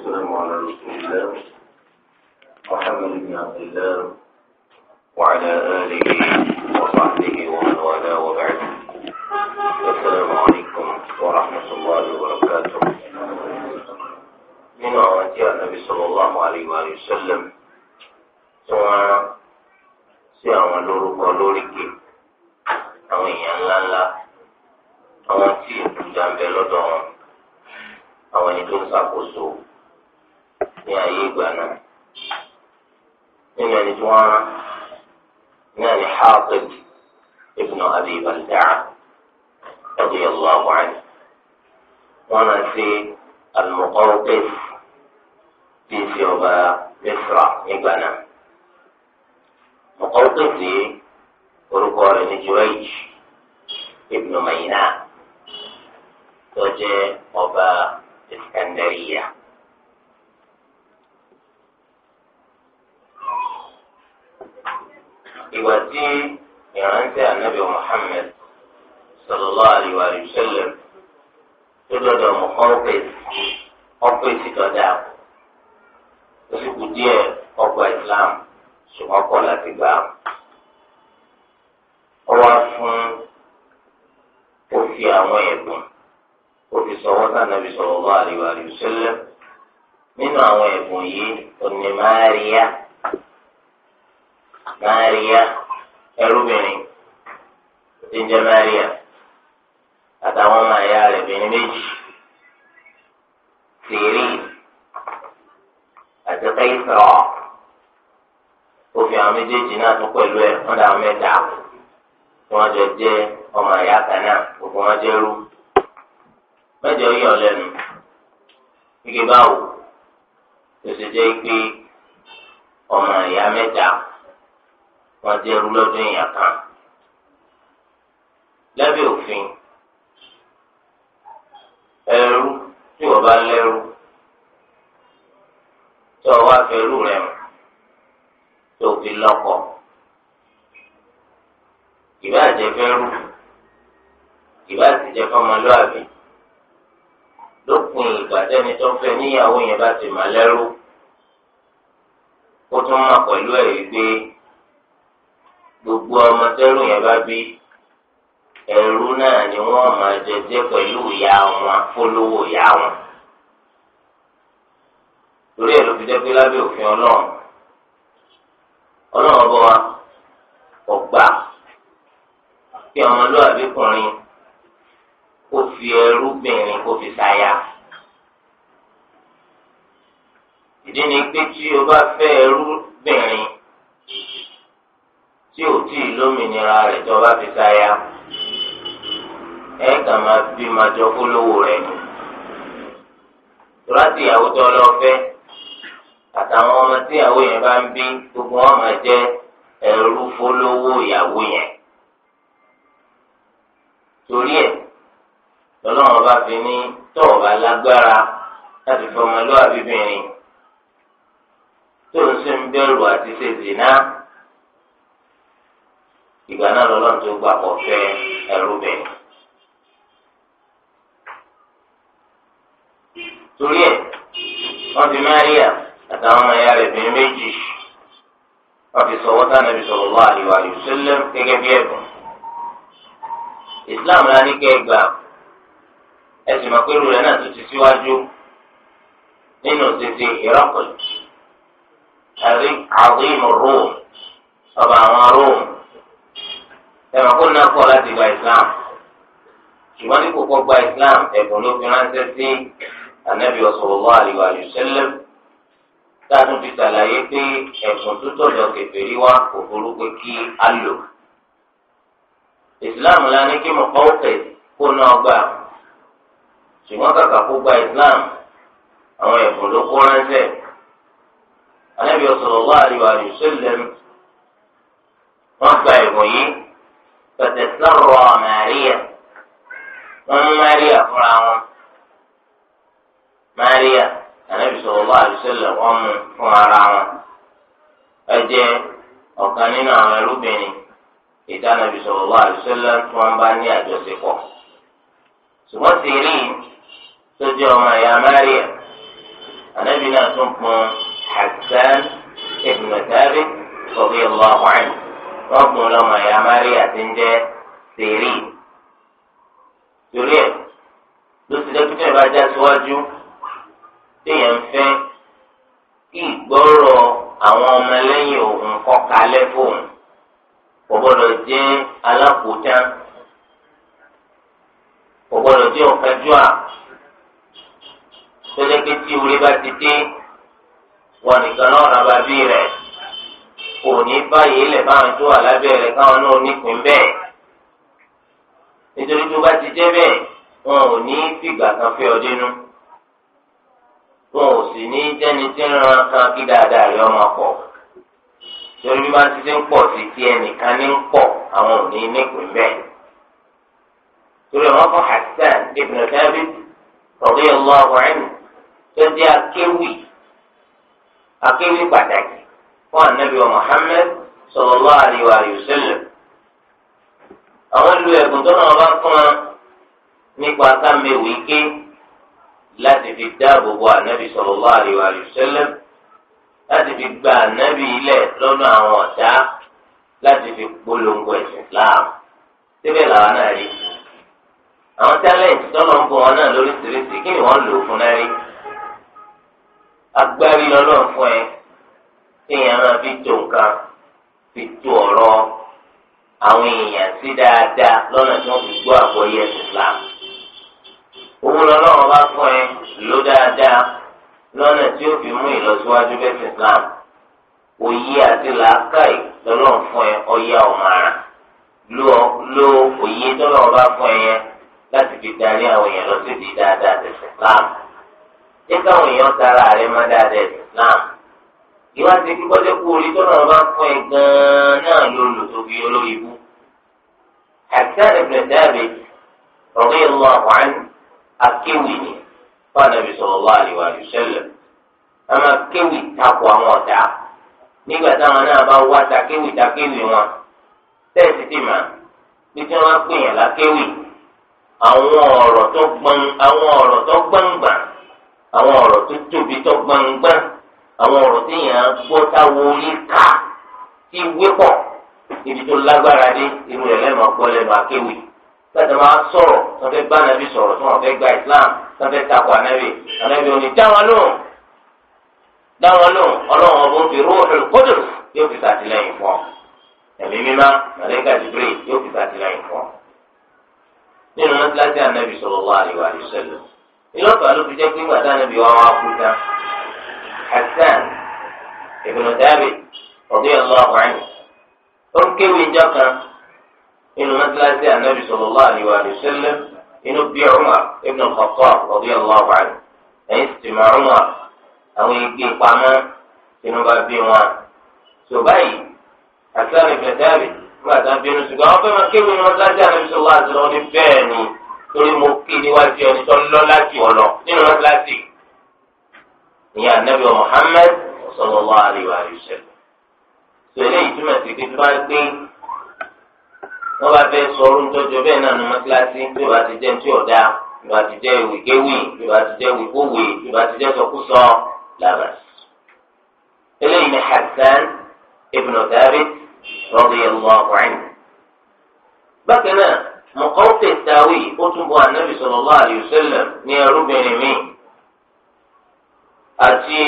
والسلام على رسول الله محمد بن عبد الله وعلى آله وصحبه ومن والاه وبعد السلام عليكم ورحمة الله وبركاته من أواتي النبي صلى الله عليه وآله وسلم ثم سيعمل لورك لورك أو ينلالا أو تي تجامل لدون àwọn ẹni tó ń ní ayé ìgbà náà nínú ẹni tí wọ́n rán náà ní Hatib ibn Abi Balta'a radiyallahu anhu wọ́n rán sí al-Muqawqis tí í ṣe ọba Misra nígbà náà Muqawqis yìí orúkọ rẹ̀ ní Jurayj ibn Mayna tó jẹ́ ọba Iskandariya. ìwà tí ìrántí ànábì Muhammad sallallahu alayhi wa sallam tó dọ̀dọ̀ mọ̀kọ́pẹ̀ ọ̀pẹ̀ sí dọ̀dà ó sì kú Islam ṣùgbọ́n kọ̀ láti gbà á. ó wá fún ó fi àwọn ẹ̀bùn ó fi sọ̀wọ́ sànàbì sallallahu wa sallam nínú àwọn ẹ̀bùn yìí onímọ̀ Maria ẹrúbìnrin tí ń jẹ́ Maria àtàwọn ọmọ ẹ̀yà rẹ̀ bìnrin méjì tèrè àti kẹ́sìrọ̀ òfin àwọn méjèèjì náà tún pẹ̀lú ẹ̀ wọ́n dà wọ́n mẹ́ta tí wọ́n jọ jẹ́ ọmọ ẹ̀yà kan gbogbo wọn jẹ́ rú mẹ́jọ gbígbé tó ṣe jẹ́ pé ọmọ wọ́n jẹ́ ẹrú lọ́dún èèyàn kan. lábẹ́ òfin ẹrú tí wọ́n bá lẹ́rú tí wọ́n wá fẹ́rú rẹ̀ mọ̀ tó fi lọ́kọ. ìbá jẹ́ fẹ́rú ìbá sì jẹ́ fọmọlúàbí lópin ìgbà tẹ́ni tó fẹ́ níyàwó yẹn bá ti mà lẹ́rú ó tún mọ̀ pẹ̀lú ẹ̀ wípé gbogbo ọmọ tẹ́rù yẹn bá bí ẹrú náà ni wọ́n máa jẹjẹ pẹ̀lú ìyá wọn fólówó ìyá wọn. torí ẹ̀ ló fi jẹ́ pé lábẹ́ òfin ọlọ́run ọlọ́run ọba wa ọ̀gbà kí ọmọlúwàbí kùnrin kó fi ẹrúbìnrin kó fi ṣaya. ìdí ni pé tí o bá fẹ́ ẹrúbìnrin tí o tí ì lómìnira rẹ̀ tó bá fi sáyà ẹ̀ kàn máa bí máa jọ fólówó rẹ̀ ni. tòlátì ìyàwó tó lọ fẹ́ àtàwọn ọmọ tí ìyàwó yẹn bá ń bí gbogbo wọn máa jẹ ẹrú fólówó ìyàwó yẹn. torí ẹ̀ lọ́lọ́run bá fi ní tọ́ọ̀bá lágbára láti fọmọlúwàbí bìnrin tó ń sìn bẹ̀rù àti ṣe zìnnà ìgbà náà lọ́lọ́run tó gbà pọ̀ fẹ́ ẹrú bẹ̀. torí ẹ̀ wọ́n ti Maria àtàwọn ọmọ ìyá rẹ̀ bí méjì wọ́n fi sọ wọ́tá nàbí sọ̀rọ̀ wá àlìwà àlùsílẹ̀ gẹ́gẹ́ bí ẹ̀bùn. Islam la ní kẹ́ gbà ẹ̀sìn mọ̀pẹ́rù rẹ̀ náà tó ti síwájú nínú títí ìrọ́pọ̀ àrí àdéhùn róòmù ọba àwọn róòmù ẹ̀rọ kó náà kọ́ láti gba islam ṣùgbọ́n ní kókó gba islam ẹ̀bùn ló fi ránṣẹ́ sí anabi sallallahu alaihi wa sallam táàtún fi ṣàlàyé pé ẹ̀bùn tó tọ̀dọ̀ kẹfẹ́rí wa kò burú pé kí á lò. islam la ní kí mo kọ́ òkè kó náà gbà ṣùgbọ́n kàkà kó gba islam àwọn ẹ̀bùn ló kó ránṣẹ́ anabi sallallahu alaihi wa wọ́n gba ẹ̀bùn yìí. فتسرى ماريا wọ́n mú márìà fúnra wọn márìà ànábì sallallahu alaihi wasallam wọ́n mú fún ara wọn ẹ jẹ́ ọ̀kan nínú àwọn ẹrúbìnrin ìdánábì sallallahu alaihi wasallam tí wọ́n bá ní àjọṣepọ̀ ṣùgbọ́n sì rí tó jẹ́ ọmọ ẹ̀yà márìà ànábì náà tún pọn Hassan ibn Thabit radiyallahu anhu. wọ́n pè lọ́mọ ìyá Maria ti ń jẹ́ sèré torí ẹ̀ ló ti dẹ́kítà ìbájá síwájú téèyàn ń fẹ́ kí ìgbọ́rọ̀ àwọn ọmọlẹ́yìn òun kọ́ kalẹ̀ fóun kò gbọ́dọ̀ jẹ́ alákòótán kò gbọ́dọ̀ jẹ́ ọ̀kẹ́jọ́à tó dẹ́kítà ìwúrí bá ti dé wọn nìkan náà rà bàbí rẹ̀ kò ní báyìí lẹ̀ bá ń tó àlábẹ́ rẹ̀ káwọn náà nípìn bẹ́ẹ̀ nítorí tó bá ti jẹ́ bẹ́ẹ̀ wọn ò ní fìgbà kan fẹ́ ọ dínú wọn ò sì ní jẹ́ni tí ń ran kan kí dáadáa rẹ̀ ọmọ pọ̀ torí bí wọ́n ti ti ń pọ̀ sí ti ẹnìkan ní ń pọ̀ àwọn ò nípìn bẹ́ẹ̀ torí àwọn kan Hassan ibn Thabit radiyallahu anhu tó jẹ́ akéwì akéwì pàtàkì fún anabi wa Muhammad sallallahu alaihi wa sallam àwọn ìlú ẹ̀gùn tó náà bá fún wa nípa kámẹ́wìí ké láti fi dáàbò bo anabi sallallahu alaihi wa sallam láti fi gba anabi ilẹ̀ lọ́nà àwọn ọ̀tá láti fi polongo ẹ̀sìn Islam síbẹ̀ làwọn náà rí àwọn talent tọ́lọ̀ ń bọ̀ wọn náà lóríṣiríṣi kí ni wọ́n lò fún náà rí agbárí lọ́lọ́ fún ẹ téèyàn máa fi tó nǹkan fi tó ọ̀rọ̀ àwọn èèyàn sí dáadáa lọ́nà tí wọ́n fi gbọ́ àgbọ́yé ẹ̀sìn Islam. owó lọ́lọ́run bá fún ẹ ló dáadáa lọ́nà tí ó fi mú ìlọsíwájú bẹ́sìn Islam. òye àti làákàyè lọ́lọ́run fún ẹ lo òye tọ́lọ́run bá fún ẹ yẹn láti fi darí àwọn èèyàn lọ sí di dáadáa ẹ̀sìn Islam. jẹ́ káwọn tara mọ́ dáadáa ìwà ti kí kọjá kú orí tó náà fún ẹ gan-an náà olórí akéwì ni wa a máa kéwì takò àwọn ọ̀tá nígbà táwọn náà bá wá takéwì takéwì wọn. tẹ́ẹ̀sì ti mà bí tí wọ́n pè yàn lákéwì àwọn ọ̀rọ̀ tó àwọn ọ̀rọ̀ tó àwọn ọ̀rọ̀ téèyàn gbọ́ táwọn orí ká ti wé pọ̀ ibi tó lágbára dé irú rẹ̀ lẹ́nu ọ̀pọ̀ lẹ́nu akéwì láti máa sọ̀rọ̀ tó bá nàbí sọ̀rọ̀ fẹ́ gba Islam tó fẹ́ ànábì ànábì òní dáwọn lóhùn dáwọn lóhùn ọlọ́run ọ̀bùn fi Ruhul Qudus yóò fi sàtìlẹ́yìn fún ọ ẹ̀mí mímá màlẹ́kà Jibril yóò fi sàtìlẹ́yìn fún ọ. nínú mọ́tíláṣí ànábì sallallahu ìlọ́pàá ló fi jẹ́ pé hasan ibn thabit radiyallahu anhu ó ń kéwì ìjọ kan inú mọ́tíláṣí ànábì sallallahu alaihi wa sallam inú bí Umar ibn al-Khattab radiyallahu anhu ẹ̀yìn sì ti máa Umar àwọn igi pamọ́ inú bá bí wọn. tó báyìí hasan ibn thabit nígbà tá a bínú ṣùgbọ́n àwọn máa kéwì inú mọ́tíláṣí ànábì sallallahu alaihi wa torí mo kí níwájú ẹni tó lọ́lá jù ọ lọ nínú mọ́tíláṣí ìyá anabi muhammed sallallahu alaihi wa sallam sọlẹ ìtumọ̀ sí pé bá gbé wọn bá fẹ́ sọ ọrùn tọjọ bẹ́ẹ̀ náà nu mọ́tíláṣí bí wàá ti jẹ́ ní tí ọ̀dà bí wàá ti jẹ́ ìwé kéwì bí wàá ti jẹ́ ìwé kówì bí wàá ti jẹ́ sọkúsọ làbàs. eléyìí ni hasan ibn thabit radiyallahu anhu. bákan náà mọ̀kọ́ fèsàwì ó tún bọ anabi sallallahu alaihi wa sallam ní ẹrúbìnrin míì àti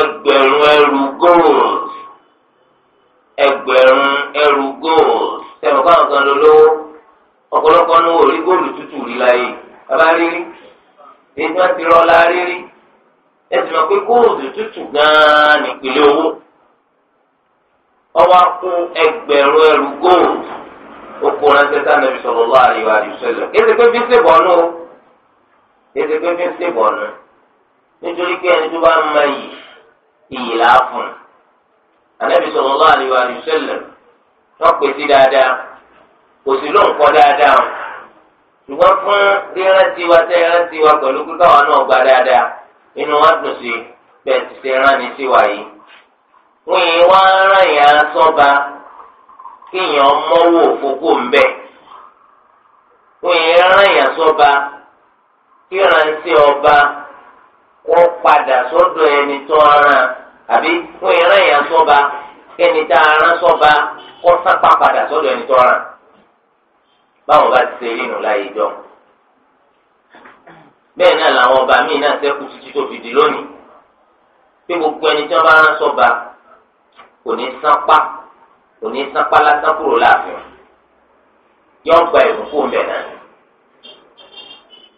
ẹgbẹ̀rún ẹrù gold ẹgbẹ̀rún ẹrù gold sẹ́nu káwọn kan ló lówó ọ̀pọ̀lọpọ̀ ní orí góòlù tútù rí láyé bàbá rírí èyí tí wọ́n ti rọ́lá rírí ẹ̀sìn mọ̀ pé góòlù tútù gan-an nípìnlẹ̀ owó ọwọ́ kún ẹgbẹ̀rún ẹrù gold okun ránṣẹ́ sanabi sallallahu alaihi wa sallam èsì pé fi ń ṣèbọnú èsì pé fi ń ṣèbọnú. nítorí pé ẹni tó bá ń ma yìí iyì làá fún un anabi sallallahu alaihi wa sallam pè sí dáadáa kò kọ dáadáa ṣùgbọ́n fún rírántí wa tẹ́ rántí wa pẹ̀lú kíkọ́ wa náà gba dáadáa inú wa dùn sí bẹ́ẹ̀ ti ṣe sí wa yìí wọ́n yìí wá rán sọ́ba kéèyàn mọ́wó òfókó ń bẹ̀ wọ́n yìí rán sọ́ba ọba. wọ́n padà sọ́dọ̀ ẹni tó rán àbí fún ìran èèyàn sọ́ba kẹ́ni tá a rán sọ́ba kọ́ sápá padà sọ́dọ̀ ẹni tó rán báwọn bá ti ṣe rí nù láyé jọ. bẹ́ẹ̀ náà làwọn ọba míì náà ṣẹ́kù títí tó fi di lónìí pé gbogbo ẹni tí wọ́n bá rán sọ́ba kò ní sápá kò ní sápá lásán kúrò láàfin yọ̀ọ́ gba ìbùkún bẹ̀ náà.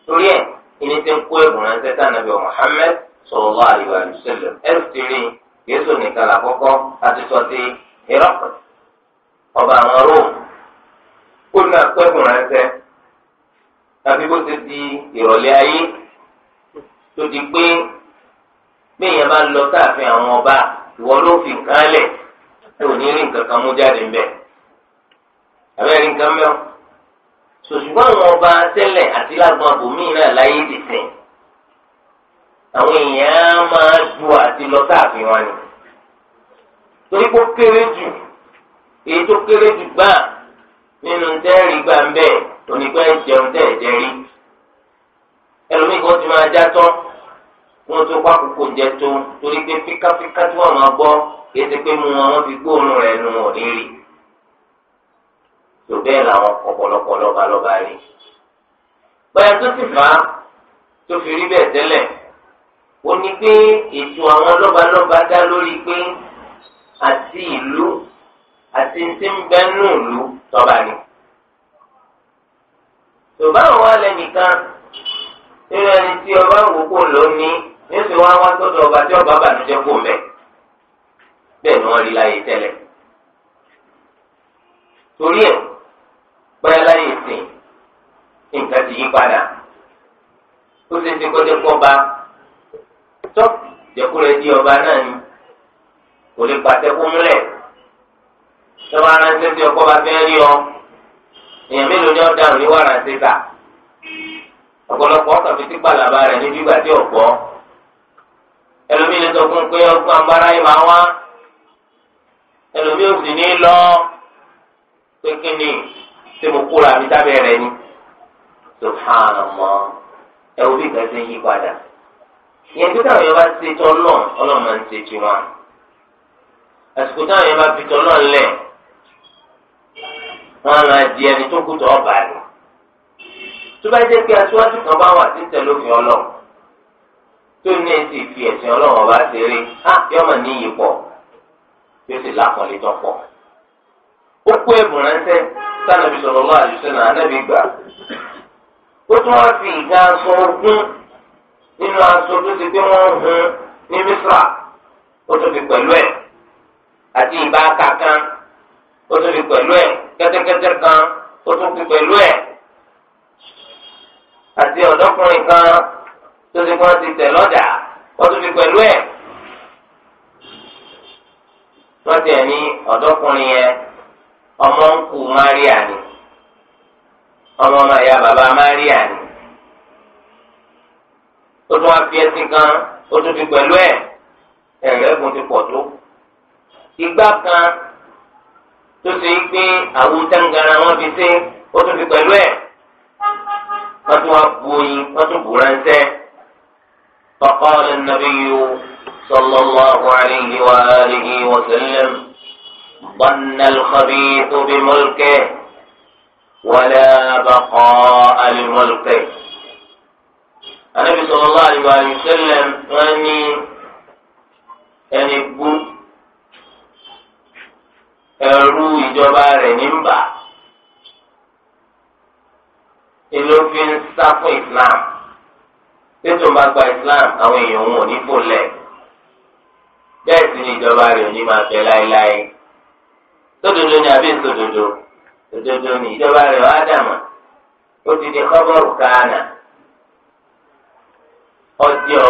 torí ẹ̀ ìní ti ń kó ẹ̀bùn ránṣẹ́ sànàbí Muhammad sallallahu alaihi wa sallam ẹ̀rù ti rí yéésù nìkan làkọ́kọ́ àti sọ ti Hérọ́pọ̀ ọba àwọn róòmù kó náà kó ẹ̀bùn ránṣẹ́ àfi bó ti di ìrọ̀lẹ́ ayé tó di pé bẹ́ẹ̀yẹn bá lọ sáàfin àwọn ọba ìwọ ló fi nǹkan tó ní rí nǹkan mú jáde ń bẹ̀ àbẹ́rẹ́ nǹkan mẹ́wọ́ sòṣùgbọ́n àwọn ọba tẹ́lẹ̀ àti lágbọn abòmíì náà láyé dìtẹ̀ àwọn èèyàn máa ju àti lọ sáàfin wọn ni torí kó kéré jù èyí tó kéré jù gbà nínú tẹ́rì gbà ń bẹ̀ onígbà ìjẹun tẹ̀ jẹ́rí ẹlòmíì kan ti máa já tán wọn tó pa kókó jẹ tó torí pé fíkáfíká tí wọn máa gbọ́ kí ẹ ti pé mu wọn fi gbóòórùn rẹ nù ọ̀ tó bẹ́ẹ̀ làwọn ọ̀pọ̀lọpọ̀ lọ́ba lọ́ba rí. báyà tó sì fà á tó fi rí bẹ́ẹ̀ tẹ́lẹ̀ ó ní pé ètò àwọn lọ́ba lọ́ba dá lórí pé àti ìlú àti ti ń bẹ́ nù ìlú tọ́ba ni. tòbá àwọn alẹ́ nìkan nínú ẹni tí ọba àwòkọ́ lónìí ní fi wá wá sọ́dọ̀ ọba tí ọba bànújẹ́ kò mẹ́ bẹ́ẹ̀ ni wọ́n rí láyé tẹ́lẹ̀ torí ẹ̀ bóyá láyé ìsìn nǹkan ti yí padà ó sì ti kó dé kọba tó jẹkúrẹ́ di ọba náà ni kò lè pàṣẹ kó múlẹ̀ tó bá ránṣẹ́ sí ọkọ bá fẹ́ rí ọ èèyàn mélòó ni ọ dàrú ní wàrà ṣe kà ọ̀pọ̀lọpọ̀ ọkàn fi tipa làbá rẹ̀ níbi ìgbà tí ọ̀pọ̀ ẹlòmíín sọ fún un pé ọgbọ́n agbára yìí máa wá ẹlòmíín ò sì ní lọ pé kí ni ṣé mo kóra mi dábẹ́ rẹ ni subhanallah ẹ wo bí nǹkan ṣe ń yí padà ìyẹn tó táwọn yẹn bá ṣe tọ́ náà ọlọ́run máa ń ṣe ti wọn àsìkò táwọn yẹn bá fi tọ́ náà lẹ̀ wọn máa di ẹni tó kú tọ́ ọ̀bà rẹ̀ tó bá jẹ́ pé aṣíwájú kan bá wà sí tẹ̀lé òfin ọlọ́run tó ní èsì fi ẹ̀sìn ọlọ́run ọba ṣeré á yọmọ ní iyì pọ̀ yóò sì lápọ̀lẹ́ tọ́ pọ̀ ó kó ẹ̀bùn ránṣẹ́ sanabi sọ̀rọ̀ lọ́wọ́ àdìsẹ́ náà anábì gbà. ó tún wá fi ìgbà aṣọ ogún nínú aṣọ tó ti pé wọ́n hun ní misra ó tún fi pẹ̀lú ẹ̀ àti ìbáka kan ó tún fi pẹ̀lú ẹ̀ kẹ́tẹ́kẹ́tẹ́ kan ó tún fi pẹ̀lú ẹ̀ àti ọ̀dọ́kùnrin kan tó ti kọ́ ti tẹ̀ lọ́dà ó tún fi pẹ̀lú ẹ̀. wọ́n ti ní ọ̀dọ́kùnrin yẹn ọmọ ń kú Maria ni ọmọ ọmọ ìyá bàbá Maria ni ó tún wá fi ẹsìn kan ó tún fi pẹ̀lú ẹ̀ ẹ̀rẹ́gùn ti pọ̀ tó ìgbà kan tó ti ń pín àwọn táǹgàrà wọn fi sí ó tún fi pẹ̀lú ẹ̀ wọ́n tún wá bu oyin wọ́n tún bu ránṣẹ́ فقال النبي صلى الله عليه وآله وسلم ظن الخبيث بملكه ولا بقاء لملكه النبي صلى الله عليه وسلم أني أني بو ẹrú ìjọba rẹ̀ nígbà ìlófin ń sá fún islam tètè bá gba islam àwọn èèyàn wọn ò ní fò lẹ̀ bẹ́ẹ̀ sì ni ìjọba rẹ̀ ò ní máa bẹ láéláé. àbí ìsòdodo òdodo ni ìjọba rẹ̀ wá dàmà ó ti di kọ́bọ̀rù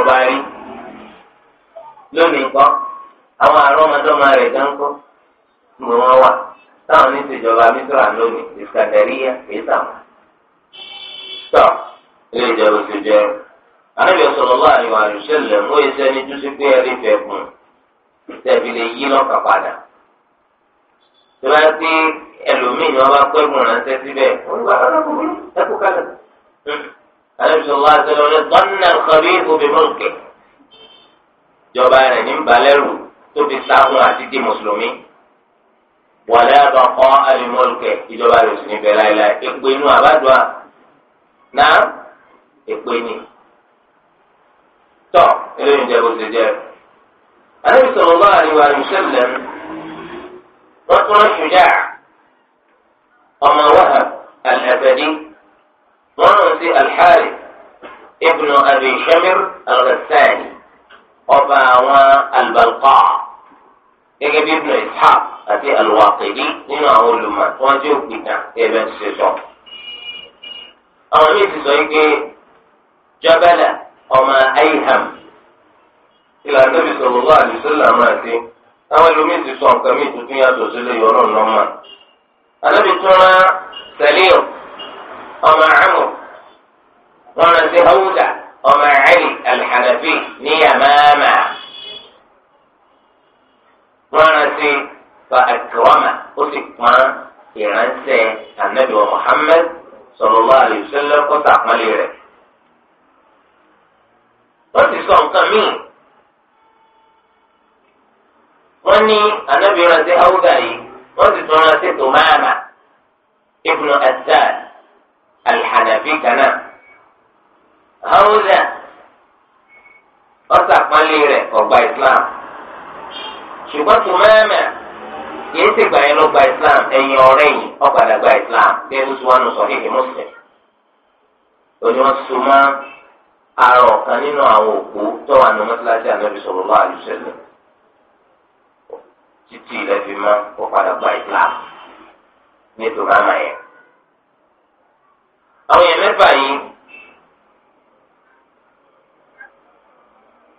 ọba rí lónìí kọ́ àwọn àrọ́mọdọ́mọ rẹ̀ gánkọ́ ń bọ̀ wọ́n wà táwọn ní ìṣèjọba mísírà lónìí ìsàkẹ́ríyà kìí sàwọn. tọ́ ilé ìjọba ti jẹ́ anábì sallallahu alaihi wa sallam ó yẹ sẹ́ni tó ṣe pé ẹ̀rí fẹ́ fún un tó bá sí ẹlòmíì ni wọ́n bá pẹ́gùn ránṣẹ́ síbẹ̀ wọ́n gbà ọ́nà kò ní ẹ̀kú kalẹ̀. alẹ́bùsọ̀lá àtẹlẹ ọ̀nà tọ́nà kọ̀rí obì mọ̀nkẹ́. ìjọba rẹ̀ ní balẹ̀rù tó fi sáhùn àti di mùsùlùmí. wàlẹ́ àbàkọ́ àlùmọ́lùkẹ́ ìjọba rẹ̀ sì ní bẹ̀ láìláì èpè inú àbádọ́à náà èpè ni. tọ́ eléyìí jẹ́ bó ti jẹ́. alẹ́bùsọ̀lá àríwá وقتل شجاع أما وهب الأسدي ونسي الحارث ابن أبي شمر الغساني وباوى البلقاع يجب ابن إسحاق أتي الواقدي لما أقول لما وجوه بنا ابن سيسو أما ميسي سيكي جبل وما أيهم إلى النبي صلى الله عليه وسلم رأسي àwọn ẹlòmíín ti sọ nǹkan míì tuntun yàtọ̀ sílé yọ náà nọ́mà. anábì tún rán sẹ́líọ̀ ọmọ àmọ̀ wọn rán sí hawúdà ọmọ àlì alhànàfì ní yàmáàmà wọn rán sí fa àkìrọ́mà ó sì wa Muhammad ti wọ́n ní anabi ránṣẹ́ awúdà yìí wọ́n sì tún ránṣẹ́ tòmáàmà ibnu asad alhanafi kana awúdà ọ̀sàpánlé ọgbà islam ṣùgbọ́n tòmáàmà yìí ti gbà yín ló gba islam ẹ̀yin ọ̀rẹ́ yìí ọ̀padà gba islam bí ẹni tí wọ́n sọ hìhì arọ kan nínú àwọn òkú tó wà ní títí ilẹ̀ fi mọ́ ó padà gba islam nítorí àmà yẹn. àwọn èèyàn mẹ́fà yìí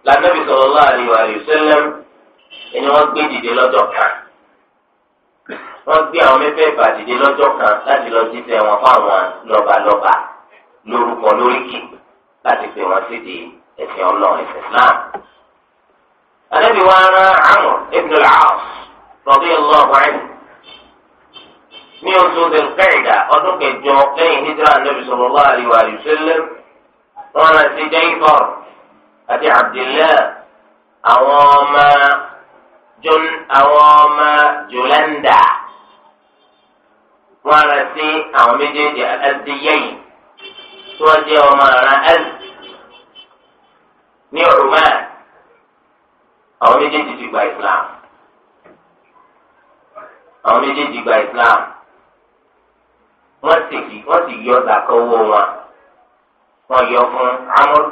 lànàbì sallallahu alaihi wa sallam ẹni wọ́n gbé dìde lọ́jọ́ kan wọ́n gbé àwọn mẹ́fẹ̀ẹ̀fà dìde lọ́jọ́ kan láti lọ jíṣẹ́ wọn fáwọn lọ́balọ́ba lórúkọ lóríkì láti pè wọ́n sídìí ẹ̀sìn ọlọ́run ẹ̀sìn islam anabi wa ran amr ibn al-aas radiyallahu anhu ní oṣù dèrèkèèdà ọdún kẹjọ lẹ́yìn hijra anabi sallallahu alaihi wa sallam wọn rán sí jaifar àti abdullahi àwọn ọmọ àwọn ọmọ jolanda wọn rán sí àwọn méjèèjì adìyẹyìn tí wọn jẹ ọmọ àrà ẹz ní ọrùmán àwọn méjèèjì ti gba islam àwọn méjèèjì gba islam wọ́n sì kì wọ́n sì yọ zàkà owó wọn wọ́n yọ fún amúr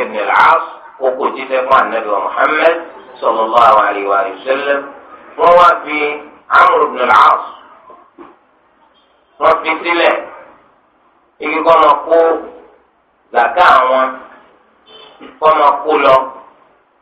ibn al-as oko jíṣẹ́ fún anabi wa muhammed sallallahu alayhi wa sallam wọ́n wá fi amúr ibn al-as wọ́n fi sílẹ̀ igi kọ́ máa kó zàkà àwọn kọ́ máa kó lọ.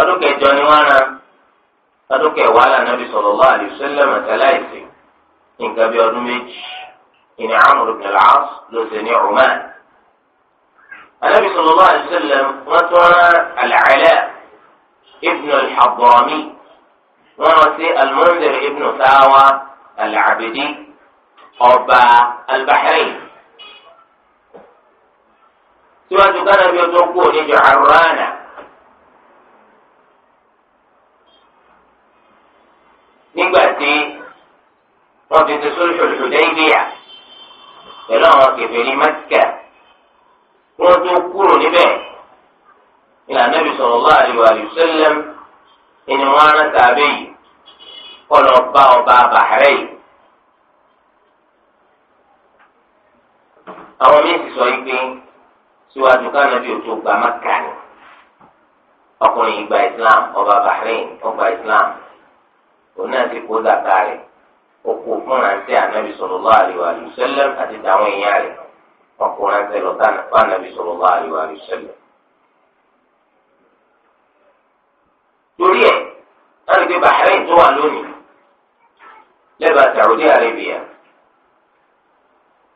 ọdún kẹjọ ni wọ́n ran ọdún kẹwàá lànàbí sallallahu alaihi wasallam àtàláìsì nǹkan bí ọdún méjì ìní Amr ibn al-As ló ṣe ní Oman. ànàbí sallallahu alaihi wasallam wọ́n tún rán Al-Ala ibn al-Hadrami wọ́n rán sí Al-Mundhir ibn Sawa ọba al-Bahrain síwájú kánàbí kú òní jọ àrùránà. wọ́n ti ti sórí ṣòṣòdé ìgbéyà pẹ̀lú àwọn kèfèrí mẹ́tíkà kí wọ́n tó kúrò níbẹ̀ ní ànábì sallallahu alaihi wasallam ìní wọn rán tàbí yìí kọ́ lọ bá ọba bàárẹ̀ yìí. àwọn míì ti sọ ìgbé síwájú kánàbí ò tó gba mẹ́tíkà ni ọkùnrin ìgbà islam ọba bàárẹ̀ ọgbà islam òun náà ti kó dàkà rẹ̀. òkú fún na ànábì sallallahu alaihi wa sallam àti tàwọn èèyàn rẹ̀ wọn kò rántí lọ bá ànábì sallallahu alaihi wa sallam. torí ẹ̀ láti pé Bahrain tó wà lónìí lẹ́bàá Arabia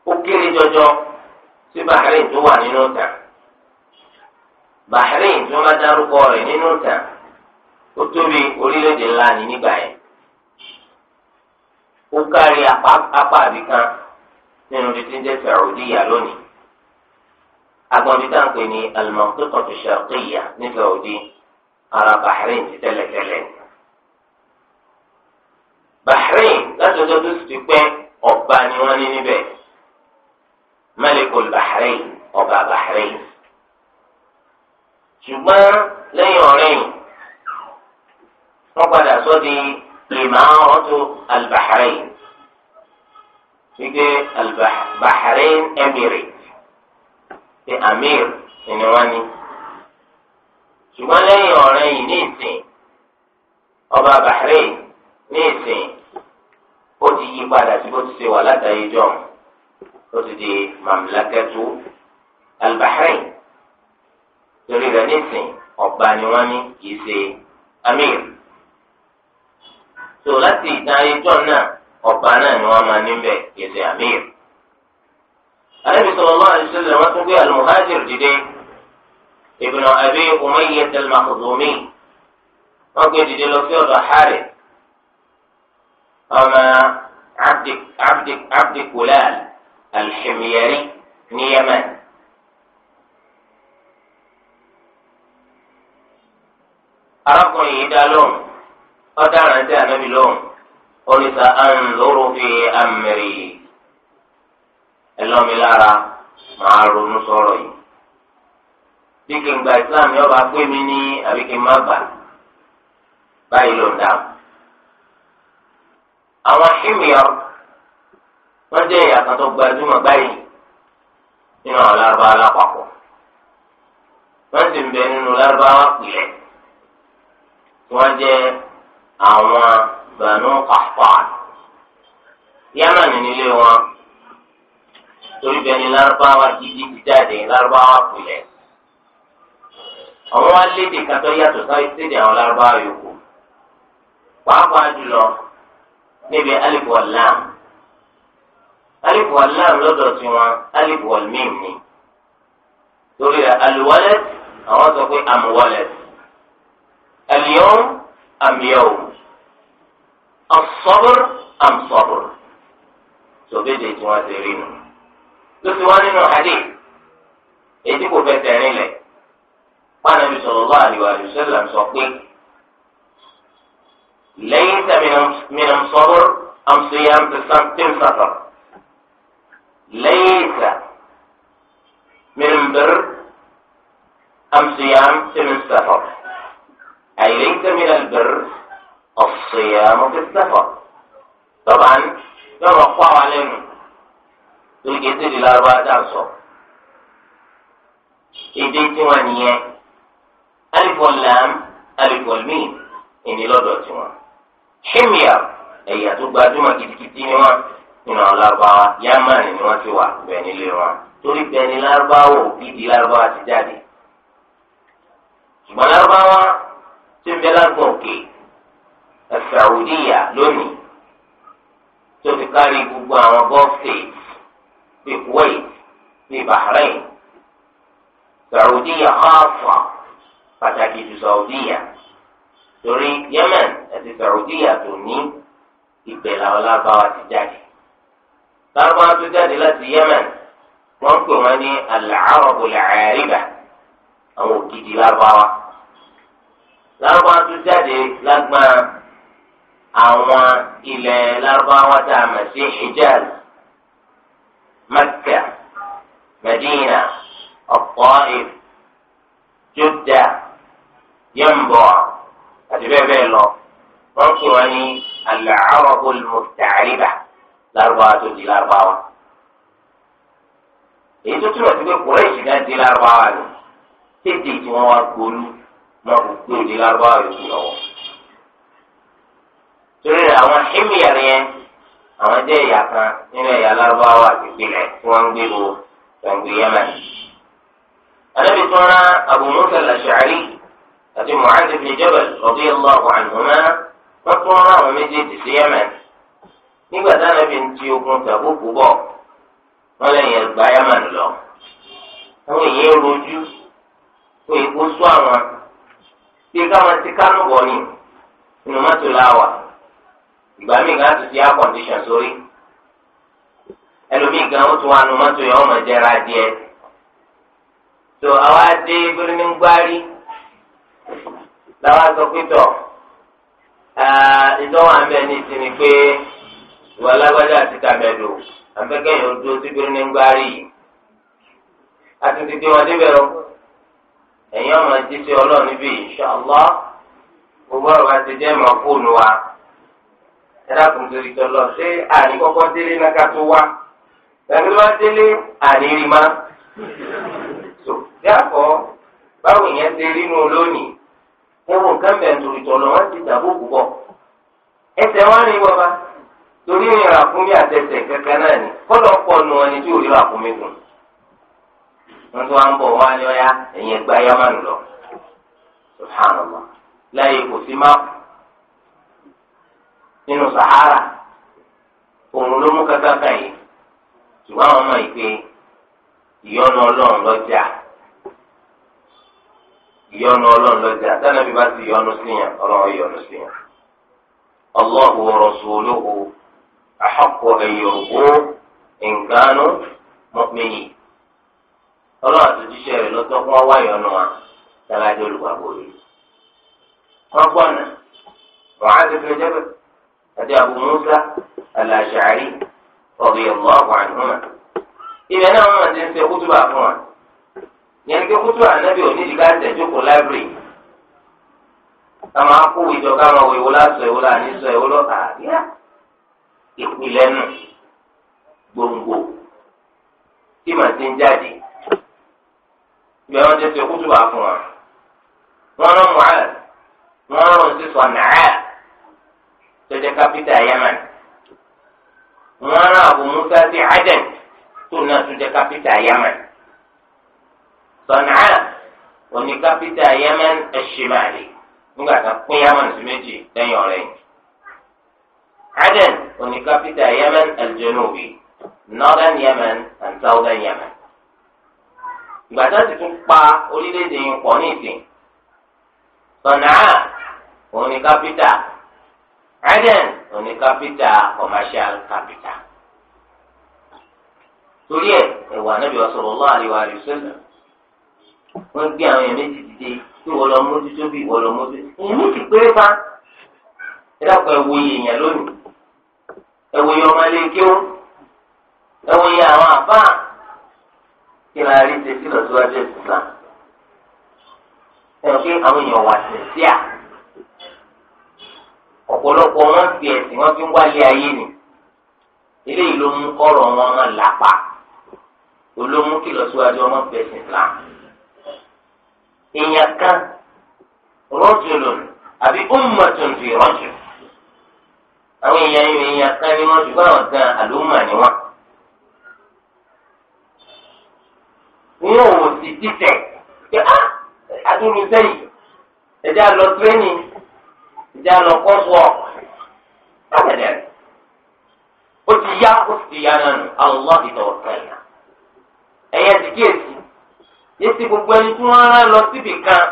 ó kéré jọjọ sí Bahrain tó wà nínú ta Bahrain tó má dárúkọ rẹ̀ nínú ta ó tóbi orílẹ̀-èdè ni ó kárí apá àbí kan nínú títí ń jẹ́ Saudiya lónìí agbọ̀nbí tá à ń pè ní al-Mantiqa ní Saudi ara Bahrain ti tẹ́lẹ̀tẹ́lẹ̀ Bahrain láti ọjọ́ tó sì ti pẹ́ ọba ni wọ́n ní níbẹ̀ Malikul Bahrain ọba Bahrain ṣùgbọ́n lẹ́yìn ọ̀rẹ́yìn wọ́n padà sọ́ di imaratu al-Bahrain wíkẹ́ bahrain emirate ti amir ni wọ́n ní ṣùgbọ́n lẹ́yìn ọ̀rẹ́ yìí ní ìsìn ọba Bahrain ní ìsìn ó ti yí padà sí bó ti ṣe wà látàrí jọ ó ti di mamlakatu al torí rẹ̀ ní ìsìn ọba ni wọ́n ní kì í ṣe amir tó láti ìdarí jọ náà ọba náà ni wọn máa níbẹ̀ yẹsẹ amir. alẹ́bí sọ̀rọ̀ lọ́wọ́ àdìsẹ́ lè wọ́n tún gbé al-Muhajir dìde Ibn Abi Umayyah al-Makhzumi wọ́n gbé dìde lọ sí ọ̀dọ̀ Harith ọmọ Abdi Kulal ní Yemen. arákùnrin yìí dá lóhùn. ọ̀daràn tí ànábì lóhùn oníta ànzóró fi àmìrì ẹlọ́milára máa ronú sọ̀rọ̀ yìí. bí kí islam yóò bá pé mi ní àbí kí n má gbà báyìí ló ń dá. àwọn ṣìmìyàn wọ́n tó báyìí nínú àwọn lárúbáwá sì ń bẹ àwọn Banu Qahtan Yemen nílé wọn torí bẹ́ẹ̀ ni lárúbáwá gidi ti jáde lárúbáwá kulẹ̀ àwọn alédè kàtó yàtọ̀ sáré sédè àwọn lárúbáwá yòókù pàápàá jùlọ níbi alifu alam alifu alam lọ́dọ̀ tiwọn alifu alim ni torí aluwalẹt àwọn sọ pé amuwalẹt ẹlẹ́yọ̀n amíyọ̀wò. الصبر أم صبر سبيدي تواترين تسواني نو حديث يجب فتاني لك قال النبي صلى الله عليه وآله وسلم صديق ليس من صبر أم صيام تم سفر ليس من بر أم صيام تم سفر أي ليس من البر الصيام في السفر طبعا yọrọ kó àwọn alẹ́ nù lórí kí ẹsẹ̀ lárúbá dà sọ èdè tí wọn nìyẹn alifọ lam alifọ mi ìní lọ́dọ̀ tí wọn ṣímìà ẹ̀yà tó gbajúmọ̀ kitikiti ni wọn nínú àwọn lárúbáwá yámánì ni wọn ti wà bẹ́ẹ̀ nílé wọn torí bẹ́ẹ̀ ni lárúbáwá òbídi lárúbáwá ti jáde ṣùgbọ́n lárúbáwá ti ń bẹ lárúbá òkè. Saudiya lónìí tó fi kárí gbogbo àwọn Gulf states Kuwait bíi Bahrain Saudiya khafa pàtàkì ju Saudiya torí Yemen àti Saudiya tó ní ìpè làwọn lábáwá ti jáde lábáwá tó jáde láti Yemen wọn ń pè wọn ní al-Arabul Ariba àwọn ògidì lábáwá lábáwá tó jáde lágbára àwọn ilẹ̀ lárúbáwá tá a mọ̀ sí hijaz mẹ́kà mẹ́dínà ọ̀pọ̀-ìf jódà yẹ̀mbọ̀ àti bẹ́ẹ̀ bẹ́ẹ̀ lọ wọ́n kí wọ́n ní alàárọ̀bù mùtàríbà lárúbáwá tó di lárúbáwá. èyí tó túmọ̀ sí pé kùrẹ́ẹ̀sì náà di lárúbáwá ni tètè tí wọ́n wá gbolú lọ́kùnkùn di lárúbáwá yòókù lọ́wọ́. torí àwọn hímìyà yẹn àwọn jẹ́ ẹ̀yà kan nínú ẹ̀yà lárúbáwá àti ìpínlẹ̀ tí wọ́n ń gbé wo gbàngbé yemen. anábì tó rán Abu Musa al àti Mu'adh ibn Jabal radiyallahu anhuma wọ́n tún rán àwọn méjèèjì sí yemen. nígbà ń ti ogun tàbúkú bọ̀ wọ́n lẹ́yìn ẹgbà yemen lọ. àwọn èèyàn rojú pé kó sọ àwọn bí káwọn ti kánú ni inú mọ́tò ìgbà míì gan ti di air condition sórí ẹlòmíì gan ó tún wà nu ya yẹn ọmọ jẹra díẹ̀ tó àwa dé Birnin Gwari làwa sọ pé tọ ìdánwò àmì ní ìsinmi pé ìwà alágbádá àti kàmẹ́lò àmì yóò dúró sí Birnin Gwari yìí àti ti wọn débẹ̀ rọ ẹ̀yin ọmọ jíṣẹ́ ọlọ́run níbí insha gbogbo ọ̀rọ̀ àti jẹ́ fóònù wa. ẹlẹ́kùn torí tọ́lọ̀ ṣé àní kọ́kọ́ délé náà ká tó wá tàbí wá délé àní rí má. yàtọ̀ báwo yẹn ṣe rí nu lónìí wọn kò kán bẹ̀ torí tọ́lọ̀ ti dàbò púpọ̀ ẹsẹ̀ wọn rí wọn bá torí ìrìn àkúnmí àtẹsẹ̀ kankan náà ni kọ́lọ̀ pọ̀ nù wọn ni tí ò rí àkúnmí gùn wọn tún wá ń bọ̀ wọn á ní ọ̀yá ẹ̀yìn ẹgbẹ́ ayámánu lọ láyé kò sí máàpù. nínú sahara òun ló mú kàkàkà yìí ṣùgbọ́n àwọn ọmọ ìpè ìyọnu ọlọ́run lọ́jà ìyọnu ọlọ́run lọ́jà tánàbí bá ti yọnu síyàn ọlọ́run yọnu síyàn. Allahu wa rasuluhu ahaqqu an yurdu in kanu ọlọ́run àtúntíṣe rẹ̀ lọ́tọ́ fún ọwọ́ ìyọnu wa tàbí adé olùgbàgbọ́ yìí. wọ́n àti Abu Musa al-Ash'ari radiyallahu anhuma ibẹ̀ náà wọ́n ti ń ṣe kútùbà fún wa yẹn kí kútùbà anábì òní ìdíkà tẹ̀jókòó láìbírì kàmá kó ìjọ káwọn wo ìwọlá sọ ìwọlá àní sọ ìwọlọ àríyá ìpìlẹ̀ nù gbòǹgbò tí màá ti ń jáde ìgbà wọn ti ṣe kútùbà fún wa wọn rán Mu'adh wọn rán sísọ nàá kápítà yemen wọ́n rán Abu Musa sí Aden tó náà tún jẹ́ kápítà yemen Sana'a òní kápítà yemen ẹ̀ṣìmáàlì nígbà kan pín yemen sí méjì lẹ́yìn ọ̀rẹ́ yìí Aden òní kápítà aljanubi northern yemen and southern yemen ìgbà tó ti tún pa orílẹ̀-èdè yìí pọ̀ ní ìsìn Sana'a òní kápítà. Eden òní capital commercial capital. torí ẹ ẹwà Ànábì sallallahu alaihi wa sallam wọ́n gbé àwọn èèyàn méjì dìde tí wọ́n lọ mójútó bí wọ́n lọ mójútó èèyàn méjì péré pa ẹ dàpọ̀ ẹ wòye èèyàn lónìí ẹ wòye ọmọ ilé kíó ẹ wòye àwọn àbá kí la rí ṣe sí lọ́síwájú ìsìlá ẹ àwọn èèyàn wà sí ọ̀pọ̀lọpọ̀ wọn fi ẹ̀sìn wọn fi ń wálé ayé ni eléyìí ló mú ọ̀rọ̀ wọn máa làpá olómú kìlọ̀ síwájú ọmọ bẹ̀sìn Islam èèyàn kan rọ́jùlùn àbí ummatun fi rọ́jù àwọn èèyàn yìí èèyàn kan ni wọ́n ṣùgbọ́n àwọn kan àlùmọ̀ ni wọ́n. wọn ò sì títẹ̀ pé á ah, adúlù sẹ́yìn ẹ̀jẹ̀ àlọ́ tírénì ìjà lọ kọ́sù ọ̀ bákẹ́lẹ́ o ti ya o ti di yára nù Allah esi gbogbo ẹni lọ kan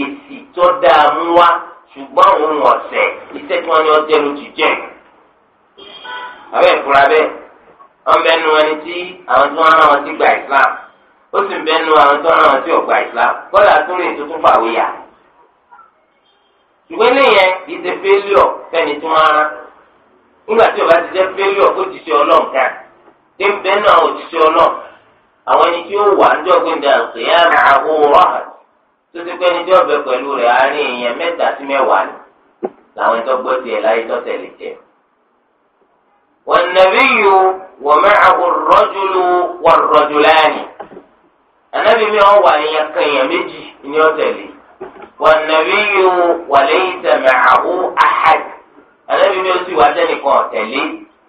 èsì tó ṣùgbọ́n òun ọ̀sẹ̀ iṣẹ́ tí wọ́n ní ọjọ́ ti jẹ́ abẹ́ ìfura ẹni tí àwọn tí Islam ó sì nu àwọn Islam kọ́lá lè tuntun ṣùgbọ́n eléyẹn kì í ṣe fẹ́líọ̀ fẹ́ni tí ara á nígbà tí o bá ti jẹ́ fẹ́líọ̀ kó ti ṣe ọlọ́run kan tí ń bẹ́ẹ̀ náà ò ọlọ́run àwọn ẹni tí ó wà ń jọ́ gbẹ̀ndẹ̀ àṣeyá àhóhóró tó ti pẹ́ ní tí ọbẹ̀ pẹ̀lú rẹ̀ àárín èèyàn mẹ́ta sí mẹ́wàá ni làwọn ẹ̀tọ́ gbọ́ tiẹ̀ láyé jẹ. والنبي وليس معه أحد النبي ni o ti wá sẹ́nìkan ọ̀tẹ̀lé